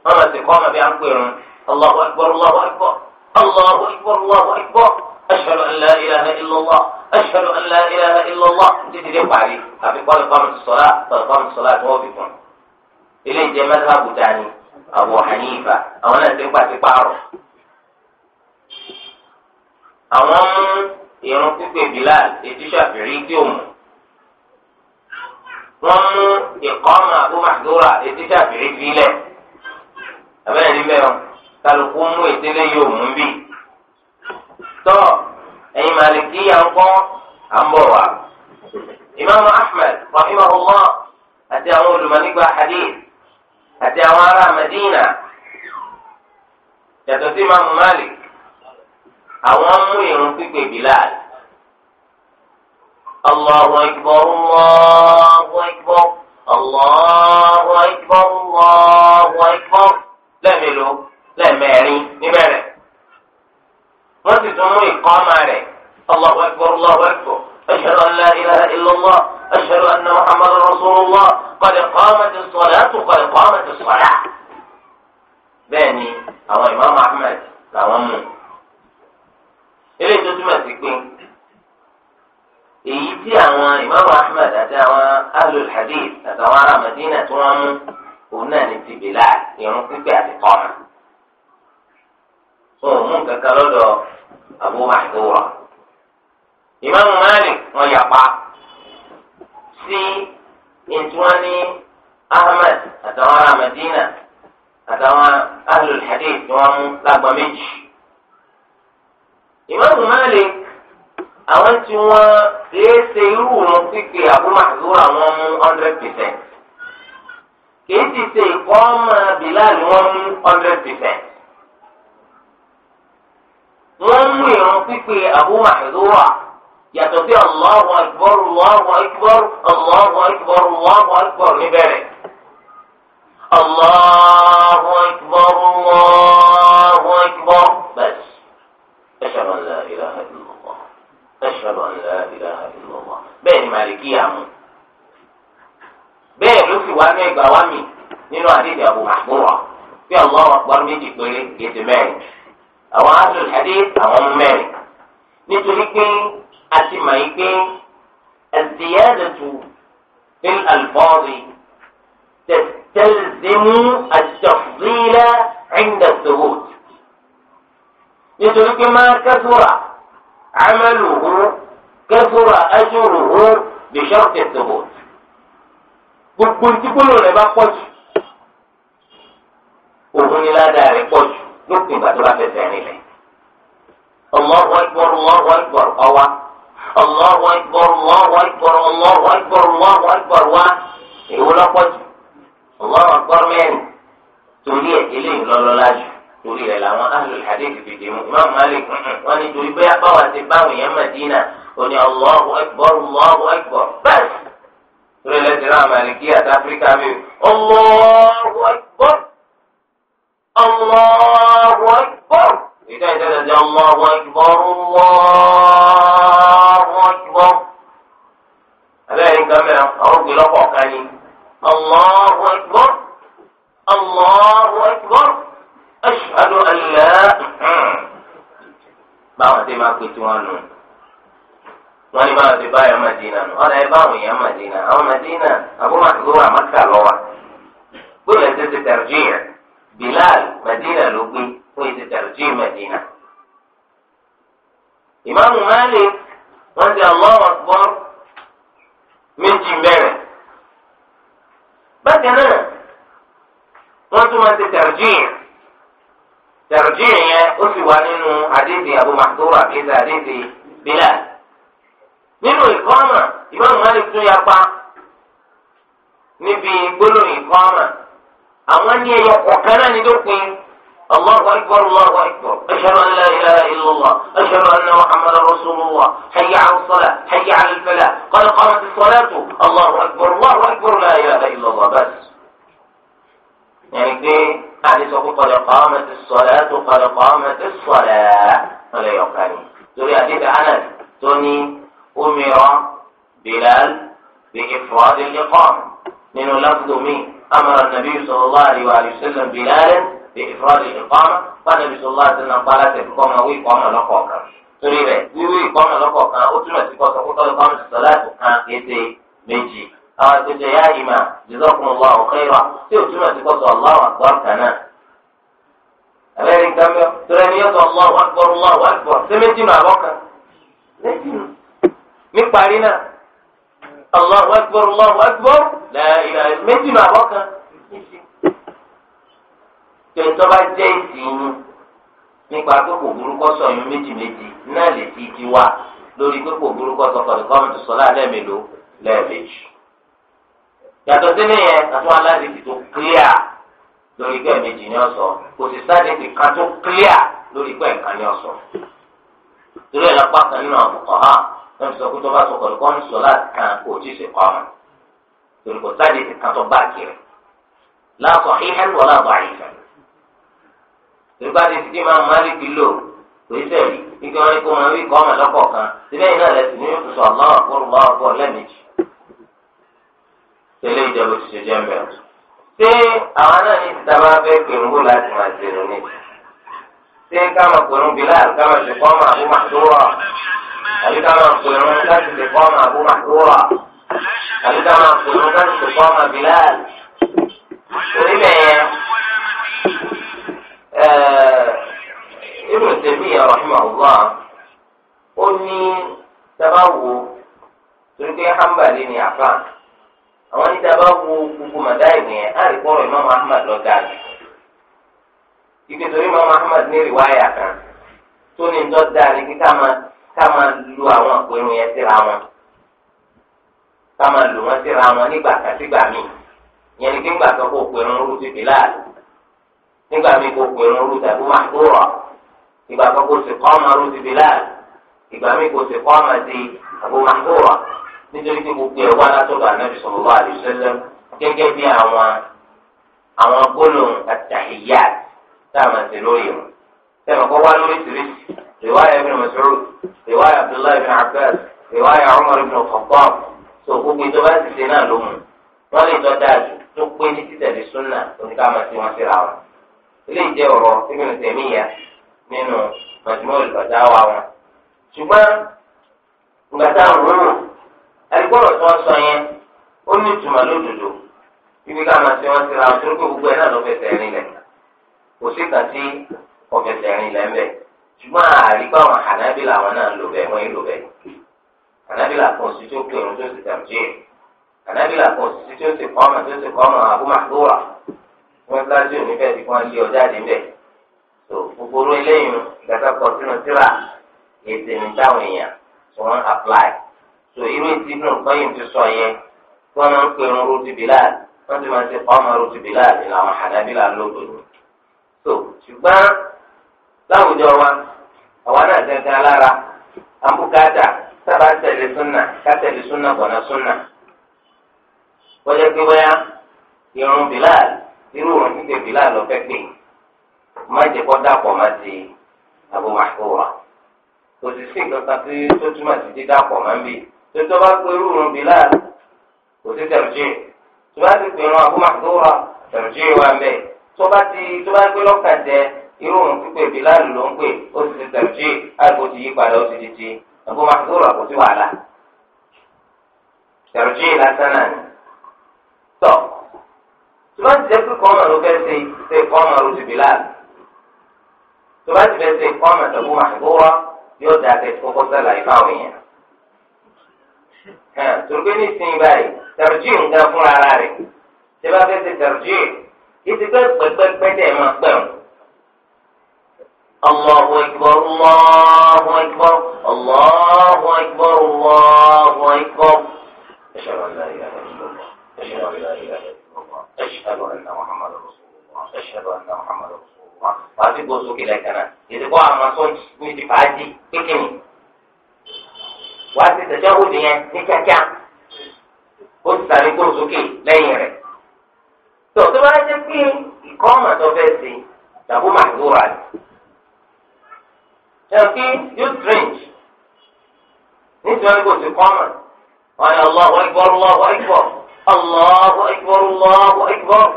wọ́n máa ti kọ́mà bí a ń pè rún Allahu akbar Allahu akbar Allahu akbar Allahu akbar ashhadu an la ilaha illallah ashhadu an la ilaha illallah títí dé parí àfi kọ́lù kọ́mù ti sọ́lá kọ́lù kọ́mù ti sọ́lá tí wọ́n fi kún ilé àwọn náà ti àwọn irun pípé Bilal ètí Shafi'i tí ò wọ́n mú ìkọ́mà Abu Mahdura etí sàbìrì filẹ̀ abẹ́rẹ́ níbẹ̀ o kálukú mú ìtẹ́lẹ̀ yóò mú bí. tọ́ ẹ̀yin màlìkí yà ń kọ́ ìmáàmù Ahmad rahimahullah àti àwọn olùmọ̀nígbà hadith àti àwọn ará Madina yàtọ̀ sí ìmáàmù Malik àwọn mú pípé Bilal. الله أكبر الله أكبر الله أكبر الله أكبر lẹ́mìlú lẹ́mẹ̀rin níbẹ̀rẹ̀ wọ́n sì tún mú ìkọ́mà rẹ̀ الله أكبر الله أكبر أشهد أن لا إله إلا الله أشهد أن محمد رسول الله قد قامت الصلاة قد قامت الصلاة بني ni إمام أحمد Ahmed làwọn mú eléyìí èyí tí àwọn ìmáàmù ahmed àti àwọn ahlul hadith àtàwọn ará madina tí wọ́n mú òun náà ní ti bilal irun pípẹ́ àti kọ́mà. ó mú nǹkan kan lọ́dọ̀ abu mahdura. ìmáàmù malik wọ́n yapa sí ìtúwọ́ní ahmed àtàwọn ará madina àtàwọn ahlul hadith tí wọ́n mú lágbọ́n ìmáàmù malik. àwọn tí wọn èé ṣe irú òun pípé àbúmàdó àwọn mú hundred percent kìí ti ṣe ìkọ́ ọmọ Bilal wọn mú hundred percent wọn mú ìrún pípé àbúmàdó yàtọ̀ sí Allahu Akbar Allahu Akbar Allahu Akbar Allahu Akbar níbẹ̀rẹ̀ Allahu Akbar bẹ́ẹ̀ اشهد ان لا اله الا الله بين مالكيه ام بين لوكي وامي غوامي نينو حديث ابو محمود في الله اكبر من دي بيقول يتمان او اهل الحديث او ام مالك نتريكي اتي مايكي الزيادة في الألفاظ تستلزم التفضيل عند الثبوت نتريكي ما كثرة amaluhu kẹsùrà ajruhu bìṣọ́ọ̀tì tòbò gbogbo ntíkúlò rẹ bá pọ̀ jù òun ni ládàá rẹ pọ̀ jù lópin ìgbà tó bá fẹsẹ̀ rìn lẹ̀ Allahu akbar Allahu akbar ọwa Allahu akbar Allahu akbar Allahu akbar Allahu akbar wa èwo lọ́pọ̀ jù Allahu akbar mẹ́rin torí ẹ̀ eléyìí lọ́lọ́lá jù torí rẹ̀ làwọn ahlul hadith fìdí mu imam malik wọn ni torí bẹ́ẹ̀ báwa ti báwọn èèyàn madina oní allahu akbar allahu akbar bẹ́ẹ̀ torí lẹ́sìn náà maliki àti áfíríkà mi allahu akbar allahu akbar ìdá ìdájọ́ di allahu akbar allahu akbar abẹ́rẹ́ nǹkan mìíràn àwọn ògbé lọ́kọ̀ọ̀kan ni allahu akbar allahu akbar. ashhadu an hmm. báwọn ti máa pè tí nù wọ́n ní báwọn ti báyọ̀ Madina nù ọ̀dà ẹ báwọn Madina àwọn Madina àbúrò àti àmàkà lọ́wọ́ gbọ́dọ̀ ẹ̀ ti ti yẹn Bilal Madina ló gbé fún ti tẹ̀rẹ̀jì Madina. ìmáàmù Malik wọ́n ti Allahu Akbar méjì mẹ́rin bákan náà wọ́n tún máa ti tẹ̀rẹ̀jì yẹn. ó sì wà nínú àdéhìí Abu Mahdura àbíyèsè àdéhìí Bilal nínú ìkọ́mà Imam Malik tún pa níbi gbólóhùn ìkọ́mà àwọn ní ẹyọ kọ̀ọ̀kan náà ní dópin. الله أكبر الله أكبر أشهد أن لا إله إلا الله أشهد أن محمدا رسول الله حي على الصلاة حي على الفلاح قد قامت الصلاة الله أكبر الله أكبر لا إله إلا الله بس yẹn ni pé àní sọ pé qad qāmati s-salātu qad qāmati s-salātu ọ̀lẹ́ yọ̀ọ̀ká ni torí àdébẹ̀ Anas tó ní umira Bilal bi ifrādi l-iqāma nínú lafdhu mi amara an-nabī sallallahu alayhi wa sallam Bilalan bi ifrādi l-iqāma wọn nàbí sallallahu alayhi wa kọ́ ọmọ wí kọ́ ọmọ lọ́kọ̀ọ̀kan torí rẹ̀ wíwí ìkọ́mọ̀ lọ́kọ̀ọ̀kan ó túmọ̀ sí kọ́sọ̀ kó àwọn àtẹ̀jẹ̀ yá ìmà jazakumullahu khaira tí òtún náà ti kọ́ sọ Allahu akbar kanáà. Abẹ́rẹ́ nǹkan mẹ́ọ́ tẹ́lẹ̀ ní yọ̀tọ̀ Allahu akbar Allahu akbar ṣé méjì nù àbọ̀ kan? Méjì nù. Níparí náà, Allahu akbar Allahu akbar lẹ́yìn méjì nù àbọ̀ kan. Tẹ̀tọ́ bá jẹ́ ìsìn nípa pé kò burúkọ sọ̀yún méjì méjì náà lè ti di wa lórí pé kò burúkọ yàtọ̀ sílẹ̀ yẹn àtún aládìsí tó clear lórí pé ẹ̀mejì ni ọ̀sọ̀ kò sì sádìsí kan tó clear lórí pé ẹ̀ka ni ọ̀sọ̀ torí ẹ̀ lápá kan nínú àwọn ọ̀hà wọ́n ti sọ pé tó bá sọ kọ̀ọ̀kan ń sọ láti kan kò tí ì sì kọ́ ọ̀run torí kò sádìsí kan tó bá kiri láàtọ̀ ìhẹ́n wọ́n láàbọ̀ àyíká torí bá ti ti máa máa lébi lò kò í sẹ́yìn ikú wọn ni kó máa wí kọ́ ọ̀mọ̀ lọ́kọ̀ọ̀kan síbẹ̀ tẹ̀lé ìjọba ti ṣe ṣé àwọn náà ní ìtàbá fẹ́ láti máa Bilal ṣe máa àbí láti ṣe máa àbí láti ṣe máa ó ní àwọn níta bá wo gbogbo màdáìmù yẹn a rí pọ́rọ̀ Imam Ahmad lọ́gà jù ìpè torí Imam Ahmad ní rìwáyà kan tó ní tó dáa kí ká máa lu àwọn àpérò yẹn síra wọn ká máa lù wọn síra wọn nígbà kan sígbà míì yẹn ni kí ńgbà kan kó pèrò ń rú ti bìláàlì nígbà míì kó pèrò ń rú tàbí wà tó ìgbà nítorí pé gbogbo ẹ̀ wá látọ̀dọ̀ ànábì sallallahu alaihi wasallam gẹ́gẹ́ bí àwọn àwọn gbólóhùn àtàhíyà tá a máa ṣe lórí wọn. sẹ́wọ̀n kọ́ wá lórí tìrìsì riwaya ibn Mas'ud riwaya Abdullahi ibn Abbas riwaya Umar ibn Khattab tó gbogbo ìjọba ti ṣe náà ló mú wọn lè tọ́ dáa jù tó pé ní títẹ̀lé súnà oníkàmá tí wọ́n ṣe ra wọn. ilé ìjẹ́ ọ̀rọ̀ ẹgbọ́rọ̀ tí wọ́n sọ yẹn ó ní ìtumọ̀ lódodo ibi ká máa ṣe wọ́n ti ra àtúrò pé gbogbo ẹ̀ náà ló fẹsẹ̀ rìn lẹ̀ kò sí kan tí kò fẹsẹ̀ rìn lẹ̀ mbẹ̀ ṣùgbọ́n àrígbà àwọn ànábìlà àwọn náà lò bẹ́ẹ̀ wọ́n lò bẹ́ẹ̀ ànábìlà kan sí tó pé òun tó sì tàbí ànábìlà kan sí tó sì kọ́mà tó sì kọ́mà àbúmàdúrà wọ́n sáájú níbẹ̀ tí wọ́n lé ọjà níbẹ̀ tó gbogbo eléyìí ìgbàgbọ́ sínú síra ètè ní táwọn èèyàn tí wọ́n apply. tó irú ìdílé nǹkan yìí ti sọ yẹn wọ́n máa ń pè irun rúti bilal wọ́n ti máa ń ṣe ọmọ rúti bilal ní àwọn àdábìlà lóko ni. tó ṣùgbọ́n láwùjọ wa àwa náà gángan lára àbúkátà sábà tẹ̀lé súnà kátẹ̀lé súnà gbọ̀nà súnà. wọ́n pé irun bilal irú òun ti bilal lọ fẹ́ pè má jẹ́ kó dàpọ̀ ti kò sì sí nǹkan kan tó túmọ̀ sí dídàpọ̀ ń bì. tètè bá pé irú irun bìlá kò sí tẹ̀rùjì tó bá ti pè irun àbúmàdúrà tẹ̀rùjì wà mẹ́ tó bá ti tó bá pé lọ́kàn jẹ irú irun pípé bìlá ló ń pè ó sì ti tẹ̀rùjì àgbo ti yí padà ó ti di ti àbúmàdúrà kò sí wàhálà tẹ̀rùjì lásán ni tọ̀ tó bá ti jẹ́ pé kọ́mà ló fẹ́ ṣe ṣe kọ́mà ló ti bìlá tó bá ti fẹ́ ṣe kọ́mà tẹ̀bú yóò dà kẹ́kọ̀ọ́ sálà ìfáwọn èèyàn torí pé ní ìsìn báyìí tẹ̀rọ̀jì nǹkan fún ara rẹ̀ ṣé bá fẹ́ ṣe tẹ̀rọ̀jì ìsìn pé pẹ́pẹ́pẹ́ tẹ̀ máa pẹ̀ ọ́. الله أكبر الله أكبر الله أكبر الله أكبر أشهد أن لا إله إلا الله أشهد أن لا إله إلا الله أشهد أن محمدا رسول الله أشهد أن محمدا رسول الله وأتي بوسوك إلى كنا إذا قام صوت نتفادي بكني wàá ti tẹ̀sẹ̀ wò ní yẹn ní kíákíá ó ti sàmì kó sókè lẹ́yìn rẹ̀. tó tó bá jẹ́ pé ìkọ́ ọ̀mà tó fẹ́ ṣe tàbó máa ń wúra rẹ̀. ṣé o kí yóò strange nítorí kò sí kọ́ ọ̀mà wọn ni Allahu Akbar Allahu Akbar Allahu Akbar Allahu Akbar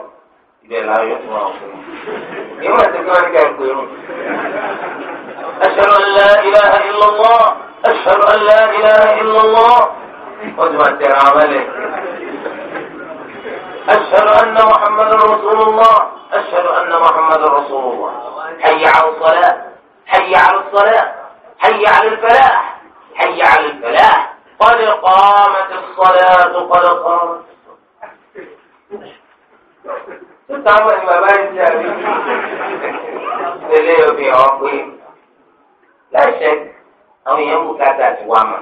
ibẹ̀ yóò tún wọn fún un. ti kí wọ́n ní ká ẹ̀ pé irun. ashhadu أشهد أن لا إله إلا الله واجمع عمله أشهد أن محمد رسول الله أشهد أن محمد رسول الله حي على الصلاة حي على الصلاة حي على الفلاح حي على الفلاح قد قامت الصلاة قد قامت الصلاة ẹni bàbá yìí ti àbí lélẹ́yọ̀ لا hàn àwọn èèyàn kò káta àti wá mà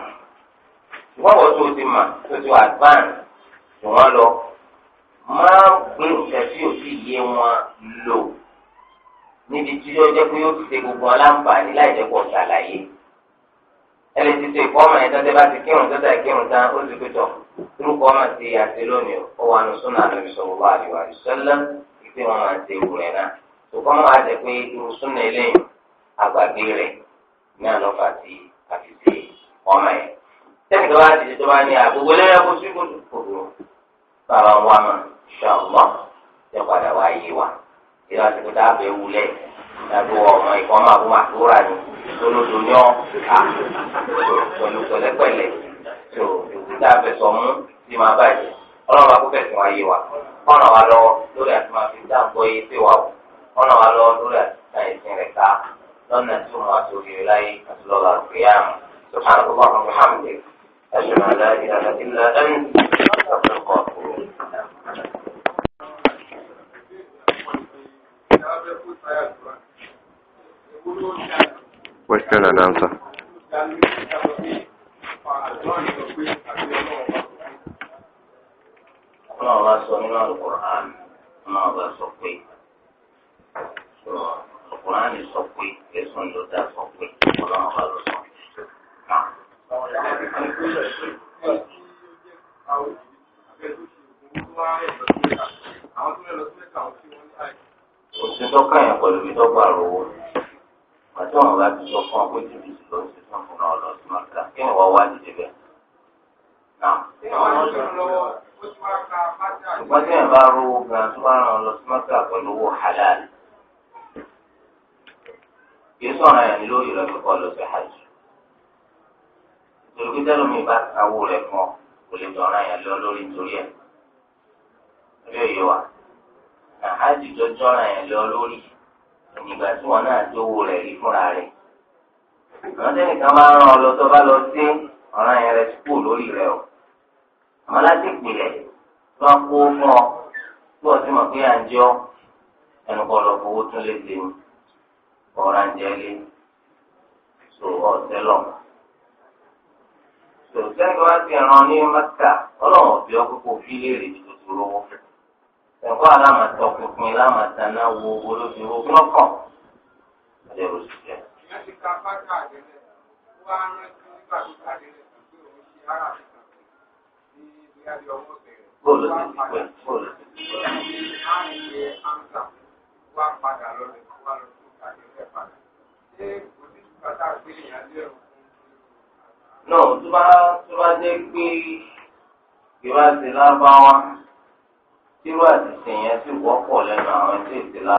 ṣùgbọ́n wọ́n tó ti mà tó ti wà advance tó wọ́n lọ máa gbé nǹkan tí ò sì yé wọn lò níbi tí ó jẹ́ pé ó ti ṣe gbogbo aláǹfààní láì jẹ́ pọ̀ ṣàlàyé ẹni tí tó ìkọ́ ọmọ yẹn tó tẹ́ bá ti kírun tó tẹ́ kírun tán ó ti pé tọ̀ orúkọ ọmọ ti àti lónìí ó wà ní súnà àlọ́bí sọ̀rọ̀ wá àdìwà ìṣẹ́lẹ̀ ìpè wọn máa ti ewu rẹ̀ náà ṣùgbọ́n wọn á jẹ́ pé súnà eléyìí àgbàgbé rẹ̀ ní àlọ́fà ti àti ti ọmọ yẹn sẹ́ni kan wá ti di tó bá ní àgbègbè lẹ́yìn kó sí kóso kòkòrò bàbá wa mà ṣàlùmọ́ ṣe padà wá yé wa ìlú àtìkú tá a bẹ̀ wulẹ̀ yàtọ̀ ọmọ ìkọ́ máa kó máa tó rà ní tolódo ní ọ́ pẹ̀lú pẹ̀lẹ́pẹ̀lẹ́ tó ìwé tá a fẹ́ sọ mú sí máa bàjẹ́ ọlọ́run bá kó fẹ̀sùn wá yé wa ọ̀ràn wa lọ́wọ́.